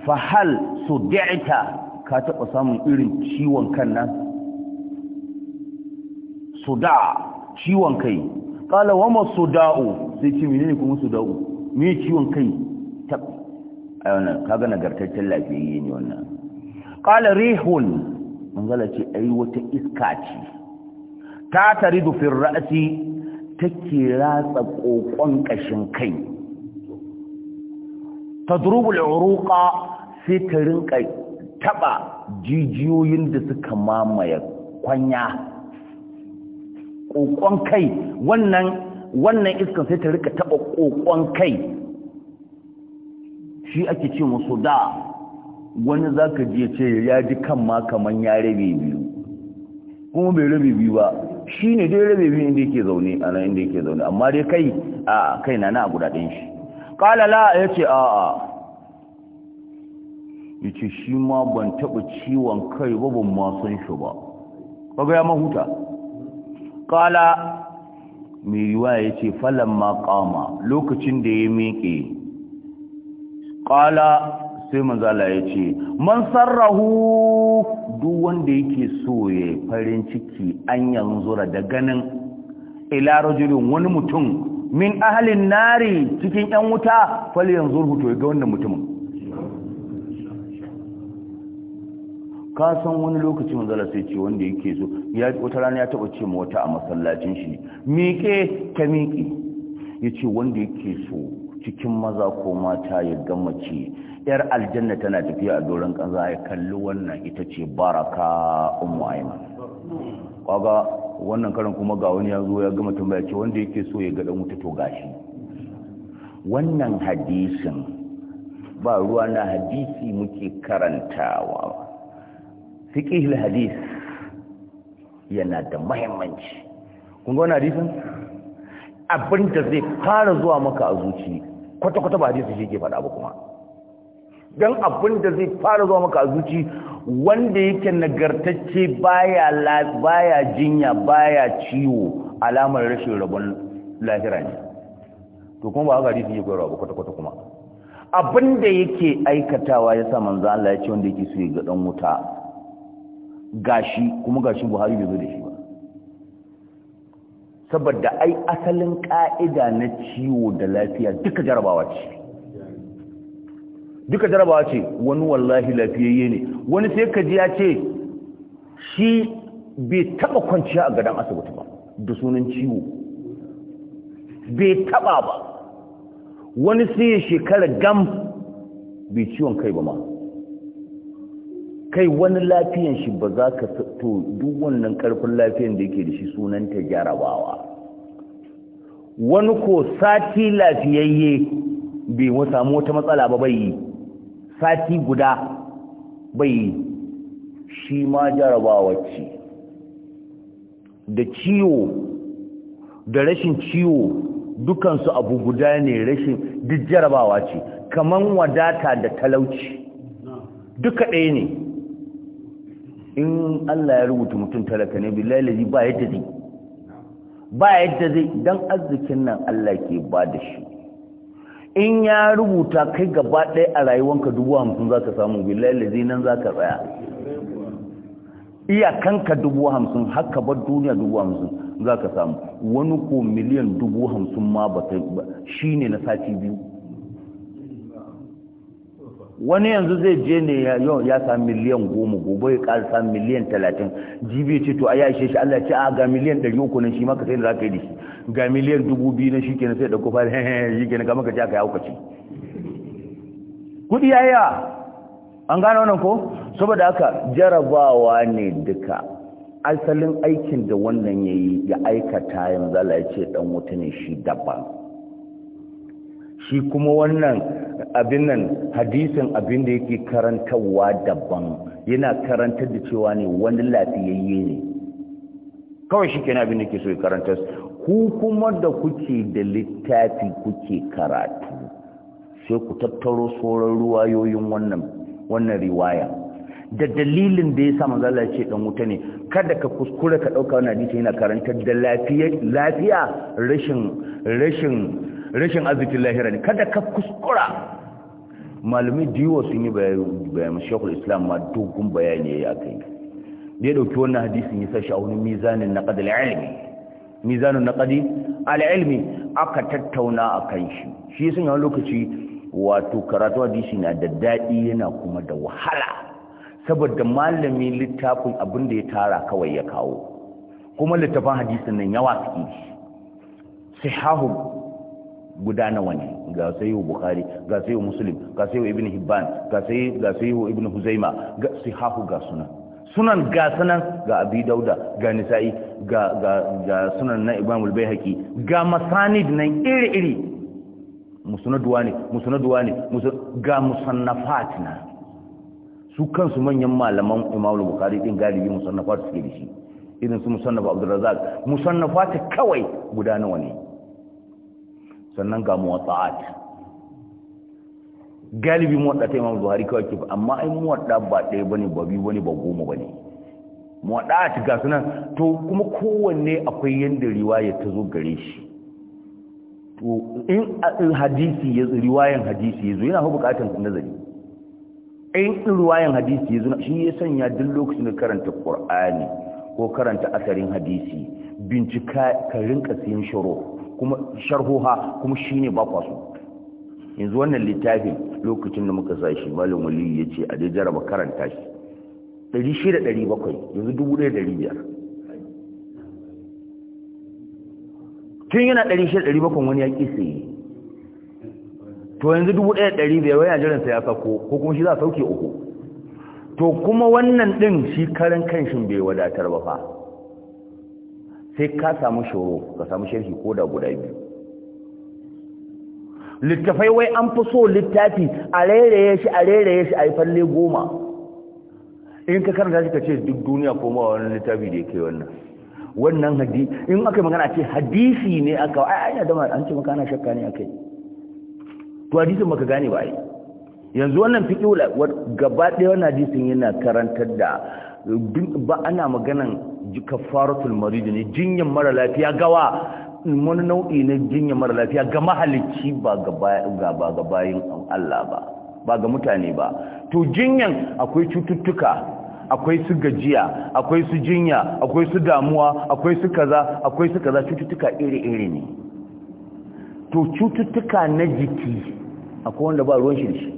S1: fahal su da'ita ka taɓa samun irin ciwon kan nan suda ciwon kai kala wa ma suda'u sai ce menene kuma suda'u me ciwon kai tab ai wannan kaga nagartaccen lafiyayye ne wannan kala rihun manzala ce ai wata iska ce ta taridu fi ra'si take ratsa kokon kashin kai tadrubu al'uruqa sai ta rinka taba jijiyoyin da suka mamaye kwanya kokon kai wannan wannan iskan sai ta rika taba kokon kai shi ake ce musu da wani zaka je ce ya ji kan ma kaman ya rabe biyu kuma bai rabe biyu ba shi ne dai rabe biyu inda yake zaune a nan inda yake zaune amma dai kai a kai na na a guda ɗin shi Ƙalala, la ya ce a a ya ce shi ma ban taɓa ciwon kai ba ban ma san shi ba ba ga ya mahuta kala mai yiwuwa ya ce falon makama lokacin da ya miƙe kala sai manzala ya ce man sarrahu duk wanda yake so ya farin ciki an yanzura da ganin ilarajirin wani mutum min ahalin nari cikin yan wuta fal yanzu ya ga wannan mutumin ka san wani lokaci manzala sai ce wanda yake so ya wata rana ya taba ce ma wata a masallacin shi miƙe ta miƙe yace wanda yake so cikin maza ko mata ya gama ce yar aljanna tana tafiya a doron kanza ya kalli wannan ita ce baraka ummu aiman kaga wannan karin kuma ga wani ya zo ya gama tambaya ce wanda yake so ya ga dan wuta to gashi wannan hadisin ba ruwa na hadisi muke karantawa fiqihul hadis yana da muhimmanci kun ga wannan abinda zai fara zuwa maka a zuci kwata-kwata ba hadisi shi ke faɗa ba kuma don abinda zai fara zuwa maka a zuci wanda yake nagartacce baya baya jinya baya ciwo alamar rashin rabon lahira ne to kuma ba haka hadisi yake koyarwa ba kwata-kwata kuma abinda yake aikatawa ya sa manzo Allah ya ce wanda yake so ya ga dan wuta gashi kuma gashi buhari bai zo da shi ba saboda ai asalin ka'ida na ciwo da lafiya duka jarabawa ce duka jarabawa ce wani wallahi lafiyayye ne wani sai ka ji ya ce shi bai taba kwanciya a gadon asibiti ba da sunan ciwo bai taba ba wani sai ya shekara gam bai ciwon kai ba ma kai wani lafiyan shi ba za ka to duk wannan karfin lafiyan da yake da shi sunanta jarabawa wani ko sati lafiyayye bai samu wata matsala ba bai yi sati guda bai yi shi ma jarabawa ce da ciwo da rashin ciwo dukansu abu guda ne rashin duk jarabawa ce kaman wadata da talauci duka ɗaya ne in Allah ya rubuta mutum talaka ne billahi lazi ba yadda zai ba yadda zai dan arzikin nan Allah ke ba da shi in ya rubuta kai gaba ɗaya a rayuwanka dubu hamsin za ka samu billahi lazi nan za ka tsaya iyakanka dubu hamsin haka ba duniya dubu hamsin za ka samu wani ko miliyan dubu hamsin ma ba shi ne na sati biyu wani yanzu zai je ne ya sami miliyan goma gobe ya ƙara sami miliyan talatin jibi ce to a ya ishe shi Allah ce a ga miliyan ɗari uku na shi maka sai da za ka yi da shi ga miliyan dubu biyu na shi ke na sai da kufa da shi na ga maka ce aka yi haukaci kuɗi ya yawa an gano wannan ko saboda haka jarabawa ne duka asalin aikin da wannan ya yi ya aikata yanzu Allah ya ce ɗan wuta ne shi daban shi kuma wannan abin nan hadisin abin da yake karantarwa daban yana karantar da cewa ne wani lafiyayye ne kawai shi kenan abin da ke so ya karantar ku kuma da kuke da littafi kuke karatu sai ku tattaro sauran ruwayoyin wannan wannan riwaya da dalilin da ya sa manzala ce dan wuta ne kada ka kuskura ka dauka wannan hadisi yana karantar da lafiya lafiya rashin rashin rashin arzikin lahira ne kada ka kuskura malumi diwa sun yi bayan shekul islam ma dogon bayani ya kai da ya dauki wannan hadisin ya sashi a wani mizanin na kadal ilimi mizanin na kadi al'ilmi aka tattauna a kan shi shi sun yawon lokaci wato karatu hadisi na da daɗi yana kuma da wahala saboda malami littafin abin da ya tara kawai ya kawo kuma littafin hadisin nan yawa suke sihahun guda nawa ne ga sai yi bukhari ga sai yi musulun, ga sai yi ibn hibban ga sai yi ibn huzaima ga hafu ga sunan sunan ga sunan ga abi dauda ga nisa'i ga sunan na imam al haƙi ga masanid nan iri iri musunaduwa ne musunaduwa ne ga musannafat na su kansu manyan malaman imam al-bukhari din galibi musannafat suke da shi irin su musannafa abdurrazzaq musannafat kawai guda nawa ne sannan ga muwatsa'at galibi muwadda ta imam buhari kawai ke amma ai muwadda ba ɗaya bane ba biyu bane ba goma bane muwadda ga sunan to kuma kowanne akwai yanda riwaya ta zo gare shi to in hadisi ya riwayan hadisi ya zo yana fa bukatan nazari in riwayan hadisi ya zo shi ya sanya duk lokacin da karanta qur'ani ko karanta asarin hadisi bincika ka rinka siyan shuru kuma sharhuha kuma shine ba kwaso yanzu wannan littafin lokacin da muka sa shi malam wali ya ce a dai jaraba karanta shi 600-700 yanzu 1,500 tun yana 600-700 wani ya ƙi sai to yanzu 1,500 wani jiransa ya sako ko kuma shi za a sauke uku to kuma wannan ɗin shi karin kanshin bai wadatar ba fa sai ka samu shoro ka samu sharhi ko da guda biyu littafai wai an fi so littafi a rairaye shi a rairaye shi a yi falle goma in ka karanta shi ka ce duk duniya ko ma wani littafi da yake wannan wannan hadi in aka magana ce hadisi ne aka ai ai da an ce maka ana shakka ne akai to hadisin maka gane ba yanzu wannan fiqhu gaba ɗaya wannan hadisin yana karantar da ba ana maganan kafaratul marid ne jinyan mara lafiya gawa wani nau'i na jinyan mara lafiya ga mahalicci ba ga ba ga bayin Allah ba ba ga mutane ba to jinyan akwai cututtuka akwai su gajiya akwai su jinya akwai su damuwa akwai su kaza akwai su kaza cututtuka iri-iri ne to cututtuka na jiki akwai wanda ba ruwan shi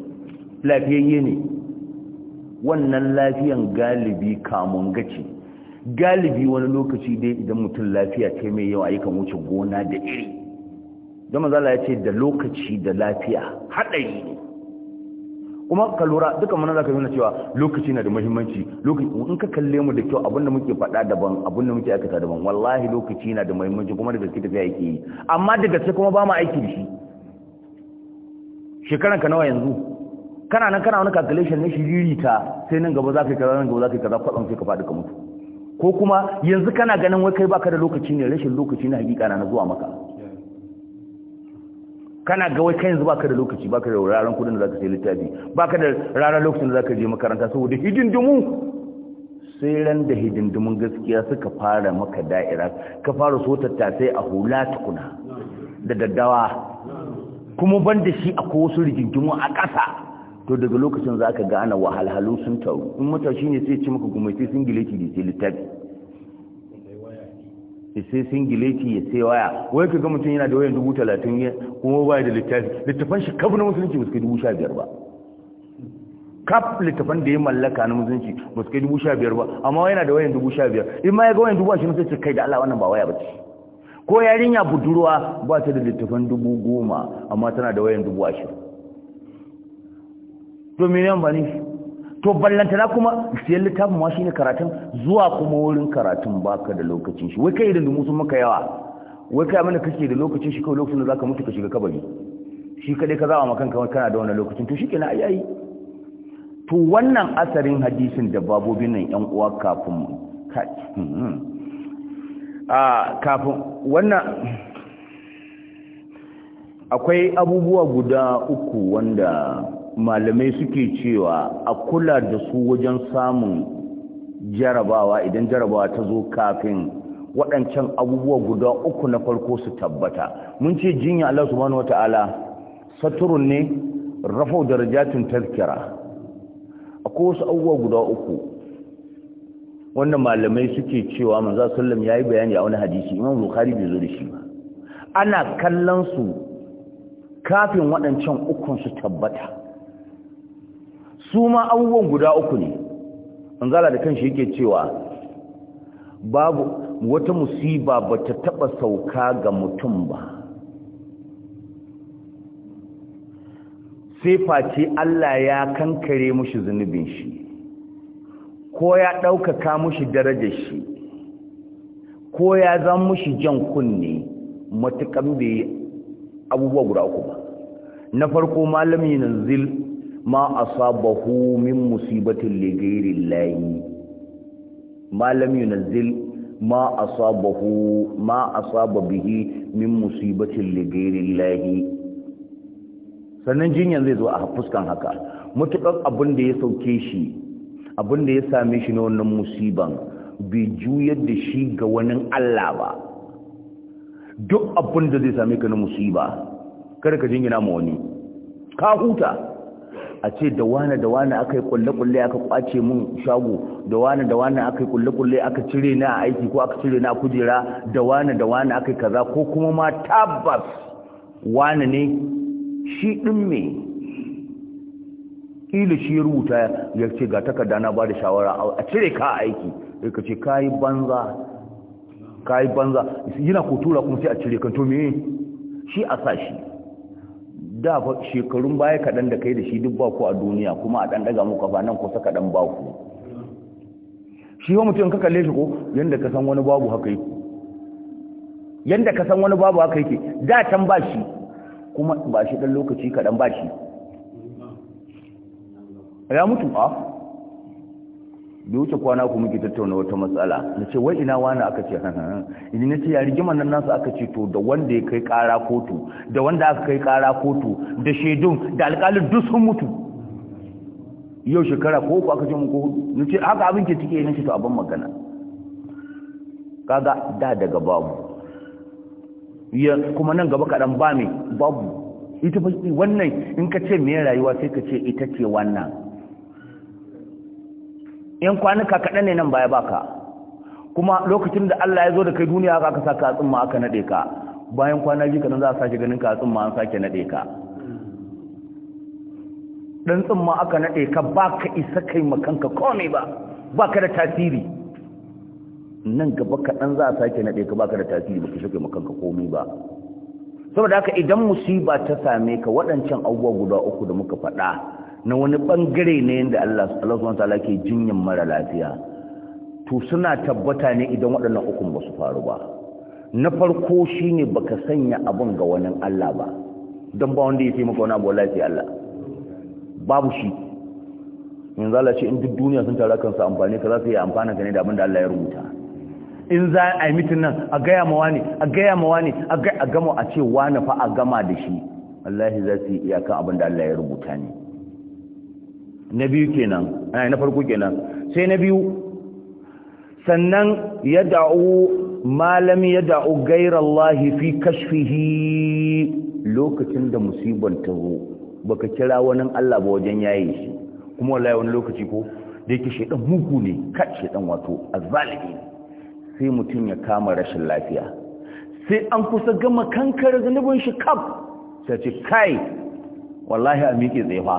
S1: lafiyayye ne wannan lafiyan galibi kamun gaci galibi wani lokaci dai idan mutum lafiya ce mai yawa yakan wuce gona da iri don mazala ya ce da lokaci da lafiya haɗari ne kuma ka lura duka mana za ka nuna cewa lokaci na da muhimmanci in ka kalle mu da kyau abinda muke faɗa daban abinda muke aikata daban wallahi lokaci na da muhimmanci kuma daga gaske tafiya yake yi amma daga gaske kuma ba mu aiki da shi shekaranka nawa yanzu kana nan kana wani calculation ne shi ririta sai nan gaba za ka yi kaza nan gaba za ka yi kaza kwatsam sai ka faɗi ka mutu ko kuma yanzu kana ganin wai kai baka da lokaci ne rashin lokaci na hakika na zuwa maka kana ga wai kai yanzu baka da lokaci baka da raran kudin da zaka sai littafi baka da raran lokacin da zaka je makaranta saboda hidindumu sai ran da hidindumun gaskiya suka fara maka da'ira ka fara so tattasai a hula tukuna da daddawa kuma ban da shi akwai wasu rigingimu a ƙasa to daga lokacin za ka gane wahalhalu sun taru in mata shi ne sai ci maka gumaiti gileti da sai littafi sai sai gileti ya sai waya wai ka ga mutum yana da wayan dubu talatin kuma waya da littafi littafan shi kaf na musulunci ba su kai dubu sha biyar ba kaf littafan da ya mallaka na musulunci ba su kai dubu sha biyar ba amma yana da wayan dubu sha biyar in ma ya ga wayan dubu ashirin sai ce kai da Allah wannan ba waya ba ce ko yarinya budurwa ba ta da littafan dubu goma amma tana da wayan dubu ashirin domin yan ba ne to ballantana kuma siyan littafin ma shi ne karatun zuwa kuma wurin karatun baka da lokacin shi wai kai da lumu sun maka yawa wai kai mana kake da lokacin shi kawai lokacin da zaka mutu ka shiga kabari shi kadai ka zawa makan kawai kana da wannan lokacin to shikenan ai ai to wannan asarin hadisin da babobin nan yan uwa kafin mu, ka hmm, hmm. a kafin wannan akwai abubuwa guda uku wanda malamai suke cewa a kula da su wajen samun jarabawa idan jarabawa ta zo kafin waɗancan abubuwa guda uku na farko su tabbata mun ce jinya Allah subhanahu wata'ala saturun ne rafau darajatin tazkira akwai wasu abubuwa guda uku wanda malamai suke cewa manzo sallam yayi bayani a wani hadisi Imam Bukhari bai zo da shi ba ana kallon su kafin waɗancan ukun su tabbata su ma abubuwan guda uku ne manzala da kanshi yake cewa babu wata musiba ba ta taba sauka ga mutum ba sai face Allah ya kankare mushi zunubin shi ko ya ɗaukaka mushi darajar shi ko ya zan mushi jan kunne matukan bai abubuwa guda uku ba na farko malamin ma أصابه min مصيبة لغير الله ما ma ينزل ما ma ما أصاب به bihi min لغير الله sannan jinyan zai zo a fuskan haka matuƙar abin da ya sauke shi abin da ya same shi na wannan musiban bai juyar da shi ga wani Allah ba duk abin da zai same ka na musiba kada ka jingina ma wani ka huta a ce da wane da wane aka yi kulle-kulle aka kwace mun shago da wane da wane aka yi kulle-kulle aka cire na aiki ko aka cire na kujera da wane da wane aka yi kaza ko kuma ma tabbas wane ne shi ɗin me ƙila shi rubuta ya ce ga takarda na ba da shawara a cire ka aiki sai ka ce ka yi banza ka yi banza yana ko tura kuma sai a cire kan to me shi a sa shi da shekarun baya kaɗan da kai da shi duk baku a duniya kuma a ɗan ɗaga muka ba nan kusa kaɗan baku shi wa mutum ka kalle shi ko yadda ka san wani babu haka yake yadda ka san wani babu haka yake da can ba shi kuma ba shi ɗan lokaci kaɗan ba shi ya mutu a ah. bai wuce kwana ku muke tattauna wata matsala na ce wai ina wani aka ce Ina na ce ya rigima nan nasu aka ce to da wanda ya kai kara kotu da wanda aka kai kara kotu da shaidun da alƙalin duk sun mutu yau shekara ko ku aka ce mun ko na ce haka abin ke cike na ce to abin magana kaga da daga babu ya kuma nan gaba kaɗan ba mai, babu ita wannan in ka ce me rayuwa sai ka ce ita ce wannan in kwanuka kaɗan ne nan baya baka kuma lokacin da Allah ya zo da kai duniya ka ka saka tsumma aka naɗe ka bayan kwana biyu kaɗan za a sake ganin ka tsumma an sake naɗe ka ɗan tsumma aka naɗe ka baka isa kai makanka komai ba ba da tasiri nan gaba kaɗan za a sake naɗe ka baka da tasiri ba ka ma makanka komai ba saboda haka idan musiba ta same ka waɗancan abubuwa guda uku da muka faɗa na wani bangare ne yadda Allah subhanahu ke jinyin mara lafiya to suna tabbata ne idan waɗannan ukun ba su faru ba na farko shine baka sanya abun ga wani Allah ba don ba wanda ya sai maka wani abu wallahi Allah babu shi yanzu Allah ce in duk duniya sun tara kansu amfani ka za su yi amfana ka ne da abin da Allah ya rubuta in za a yi mitin nan a gaya mawa ne a gaya mawa ne a gama a ce wani fa a gama da shi wallahi za su yi iyakan abin da Allah ya rubuta ne na biyu kenan eh, na farko kenan sai na biyu sannan ya da'u malami ya da'u gairallahi fi kashfihi lokacin da musibar ta zo baka kira wani Allah ba wajen yayi shi kuma wallahi wani lokaci ko da yake shedan mugu ne ka shedan wato azzalimi sai mutum ya kama rashin lafiya sai an kusa gama kankar zanubin shi kaf sai ce kai wallahi a miƙe tsefa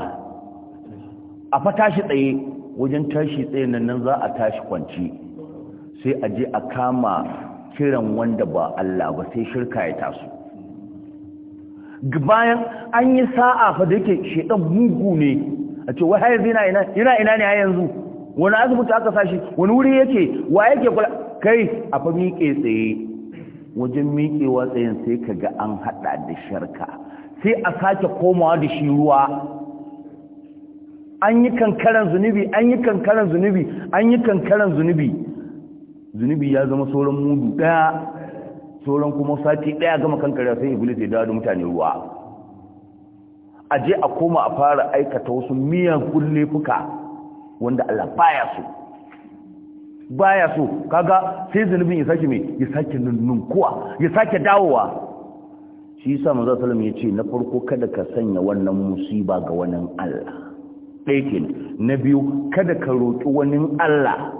S1: a fa tashi tsaye wajen tashi tsaye nan nan za a tashi kwanci sai a je a kama kiran wanda ba Allah ba sai shirka ya taso bayan an yi sa'a fa da yake shedan mugu ne a ce wai har ina ina ina ne a yanzu wani asibiti aka sashi wani wuri yake wa yake kula kai a fa miƙe tsaye wajen miƙewa tsayin sai ka ga an haɗa da sharka sai a sake komawa da shi ruwa an yi kankaran zunubi an yi kankaran zunubi an yi kankaran zunubi zunubi ya zama sauran mudu daya sauran kuma sati daya gama kankara sai iblis ya dawo da mutane ruwa a je a koma a fara aikata wasu miyan kulle fuka wanda Allah baya so baya so kaga sai zunubin ya sake me ya sake nunnunkuwa ya sake dawowa shi yasa manzo sallallahu alaihi wasallam ce na farko kada ka sanya wannan musiba ga wannan Allah ɗaikin na biyu kada ka roƙi wani Allah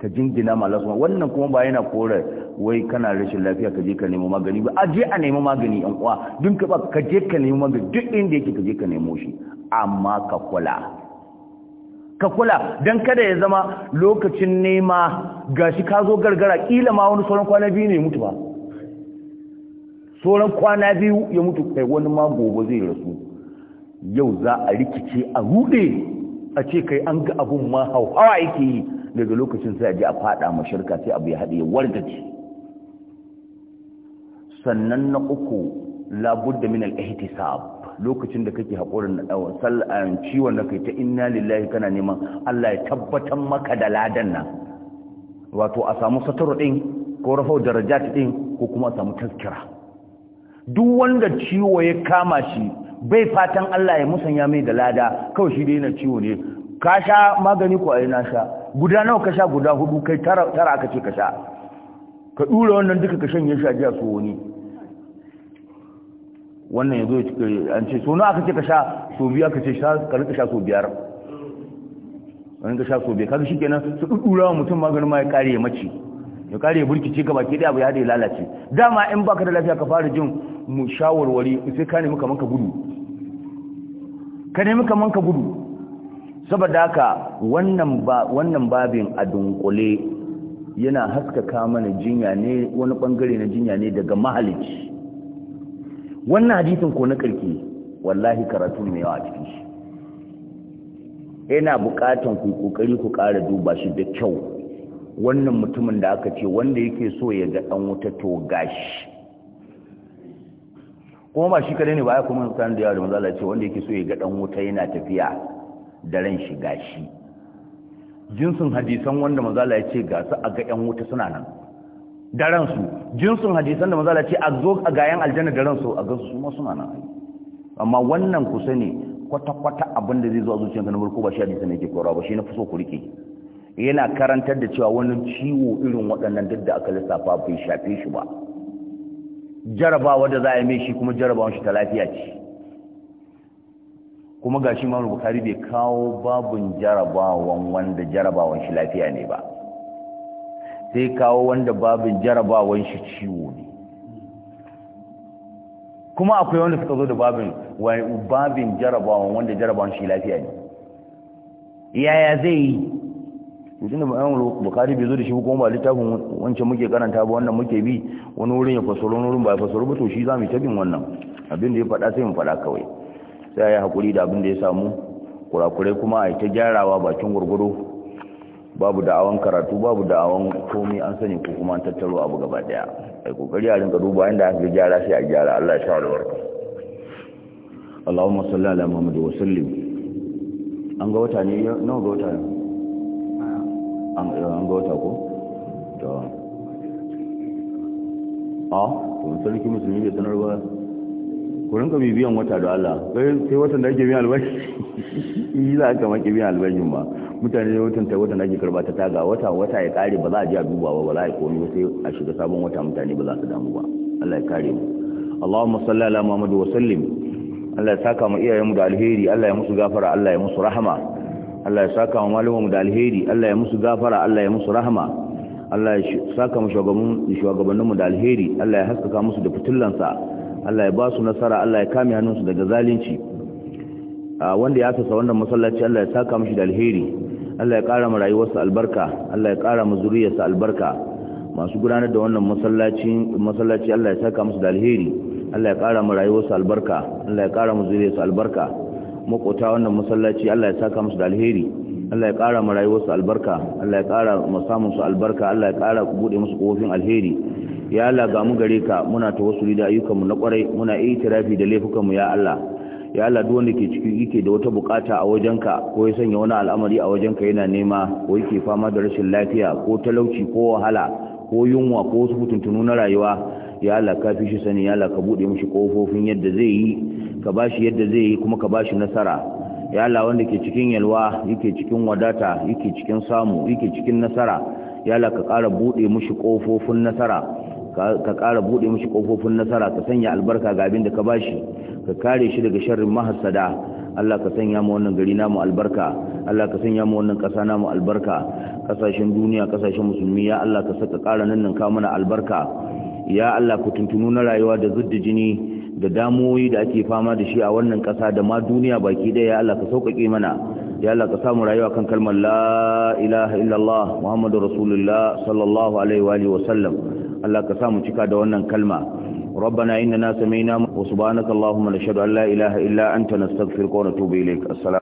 S1: ka jingina ma wannan kuma ba yana kore wai kana rashin lafiya ka je ka nemo magani ba a je a nemo magani yan uwa dun ka ba ka je ka nemo magani duk inda yake ka je ka nemo shi amma ka kula ka kula don kada ya zama lokacin nema gashi ka zo gargara kila ma wani sauran kwana biyu ne ya mutu ba sauran kwana biyu ya mutu kai wani ma gobe zai rasu yau za a rikice a rude a ce kai an ga abun ma hauhawa yake yi daga lokacin sai a je a fada ma shirka sai abu ya haɗe ya wargaje sannan na uku labudda min al-ihtisab lokacin da kake haƙurin eh, sallan eh, ciwon da kai ta inna lillahi kana neman Allah ya tabbatar maka da ladan nan wato a samu satar din ko rafa darajat din ko kuma a samu tazkira duk wanda ciwo ya kama shi bai fatan Allah ya musanya mai da lada kawai shi yana ciwo ne ka sha magani ko ayi na sha guda nawa ka sha guda hudu kai tara tara aka ce ka sha ka dura wannan duka ka shanye shi a jiya so wani wannan yazo ya ce an ce so nawa aka ce ka sha so biya ka ce sha ka rika sha so biyar wani ka sha so biyar kaga shikenan su dudura mutum maganin ma ya kare ya mace ya kare burkice ka baki daya abu ya da lalace dama in baka da lafiya ka fara jin mushawarwari shawarwari sai ka nemi kaman ka gudu ka nemi kaman ka gudu saboda haka wannan ba wannan babin a dunkule yana haskaka mana jinya ne wani bangare na jinya ne daga mahalici wannan hadisin ko na karki wallahi karatu mai yawa cikin shi Ina bukatan ku kokari ku kara duba shi da kyau wannan mutumin da aka ce wanda yake so ya ga dan wuta to gashi kuma ba shi kadai ne ba ya kuma mutane da ya da manzala ce wanda yake so ya ga dan wuta yana tafiya da ran shi gashi jinsin hadisan wanda manzala ya ce ga su a ga yan wuta suna nan da ran su jinsin hadisan da manzala ce a zo a yan aljanna da ran su a ga su ma suna nan amma wannan ku sani kwata-kwata abin da zai zo a zuciyarka na farko ba shi hadisan yake kora ba shi na fi so ku rike yana karantar da cewa wani ciwo irin waɗannan duk da aka lissafa bai shafe shi ba jaraba da za a yi shi kuma jarabawan shi ta lafiya ce kuma ga shi maru bukari bai kawo babun jarabawan wanda jarabawan shi lafiya ne ba sai kawo wanda babin jarabawan shi ciwo ne kuma akwai wanda suka zo da babin babin jarabawan wanda jarabawan shi lafiya ne yaya zai yi idan imam bukhari bai zo da shi kuma ba littafin wancan muke karanta ba wannan muke bi wani wurin ya fasoro wani wurin ba fasoro ba to shi zamu ta bin wannan abin da ya fada sai mu fada kawai sai ya hakuri da abin da ya samu kurakurai kuma a ta gyarawa bakin gurguru babu da'awan karatu babu da'awan komai an sani ko kuma an tattaro abu gaba daya ai kokari a rinka duba inda aka gyara sai a gyara Allah ya sha albarka Allahumma salli ala Muhammad wa sallim an ga wata ne nawa ga wata ne an ga wata ko to a to sarki musulmi bai sanar ba ku bibiyan wata da Allah sai watan da ake biyan albashi yi za a ka ke biyan albashin ba mutane da watan watan da ake karba ta taga wata wata ya kare ba za a ji a duba ba ba za a yi komai sai a shiga sabon wata mutane ba za su damu ba Allah ya kare mu Allahumma salli ala Muhammad wa sallim Allah ya saka mu iyayen mu da alheri Allah ya musu gafara Allah ya musu rahama Allah ya saka wa malumanmu da alheri Allah ya musu gafara Allah ya musu rahama Allah ya saka mu shugabanninmu da alheri Allah ya haskaka musu da fitullansa Allah ya ba su nasara Allah ya kame hannunsu daga zalunci wanda ya asasa wannan masallaci Allah ya saka mishi da alheri Allah ya kara mu rayuwarsa albarka Allah ya kara mu zuriyarsa albarka masu gudanar da wannan masallaci masallaci Allah ya saka musu da alheri Allah ya kara mu rayuwarsa albarka Allah ya kara mu zuriyarsa albarka makota wannan masallaci Allah ya saka musu da alheri Allah ya kara ma rayuwarsu albarka Allah ya kara mu samun su albarka Allah ya ku bude musu kofin alheri ya Allah ga mu gare ka muna ta tawassuli da mu na kwarai muna itirafi da mu ya Allah ya Allah duk wanda ke cikin yake da wata bukata a wajenka ko ya sanya wani al'amari a wajen ka yana nema ko yake fama da rashin lafiya ko talauci ko wahala ko yunwa ko wasu mutuntunu na rayuwa ya Allah ka fi shi sani ya Allah ka bude mishi kofofin yadda zai yi ka bashi yadda zai yi kuma ka bashi nasara ya Allah wanda ke cikin yalwa yake cikin wadata yake cikin samu yake cikin nasara ya Allah ka ƙara bude mishi kofofin nasara ka ƙara bude mishi kofofin nasara ka sanya albarka ga abin da ka bashi ka kare shi daga sharrin mahassada Allah ka sanya mu wannan gari namu albarka Allah ka sanya mu wannan ƙasa namu albarka ƙasashen duniya ƙasashen musulmi ya Allah ka saka ƙara nan nan ka mana albarka ya Allah ku tuntunu na rayuwa da zudda jini da damuwoyi da ake fama da shi a wannan ƙasa da ma duniya baki ɗaya ya Allah ka sauƙaƙe mana ya Allah ka samu rayuwa kan kalmar la ilaha illallah muhammadu rasulullah sallallahu alaihi wa alihi wa sallam Allah ka samu cika da wannan kalma ربنا إننا سمينا وسبحانك اللهم نشهد أن لا إله إلا أنت نستغفرك ونتوب إليك السلام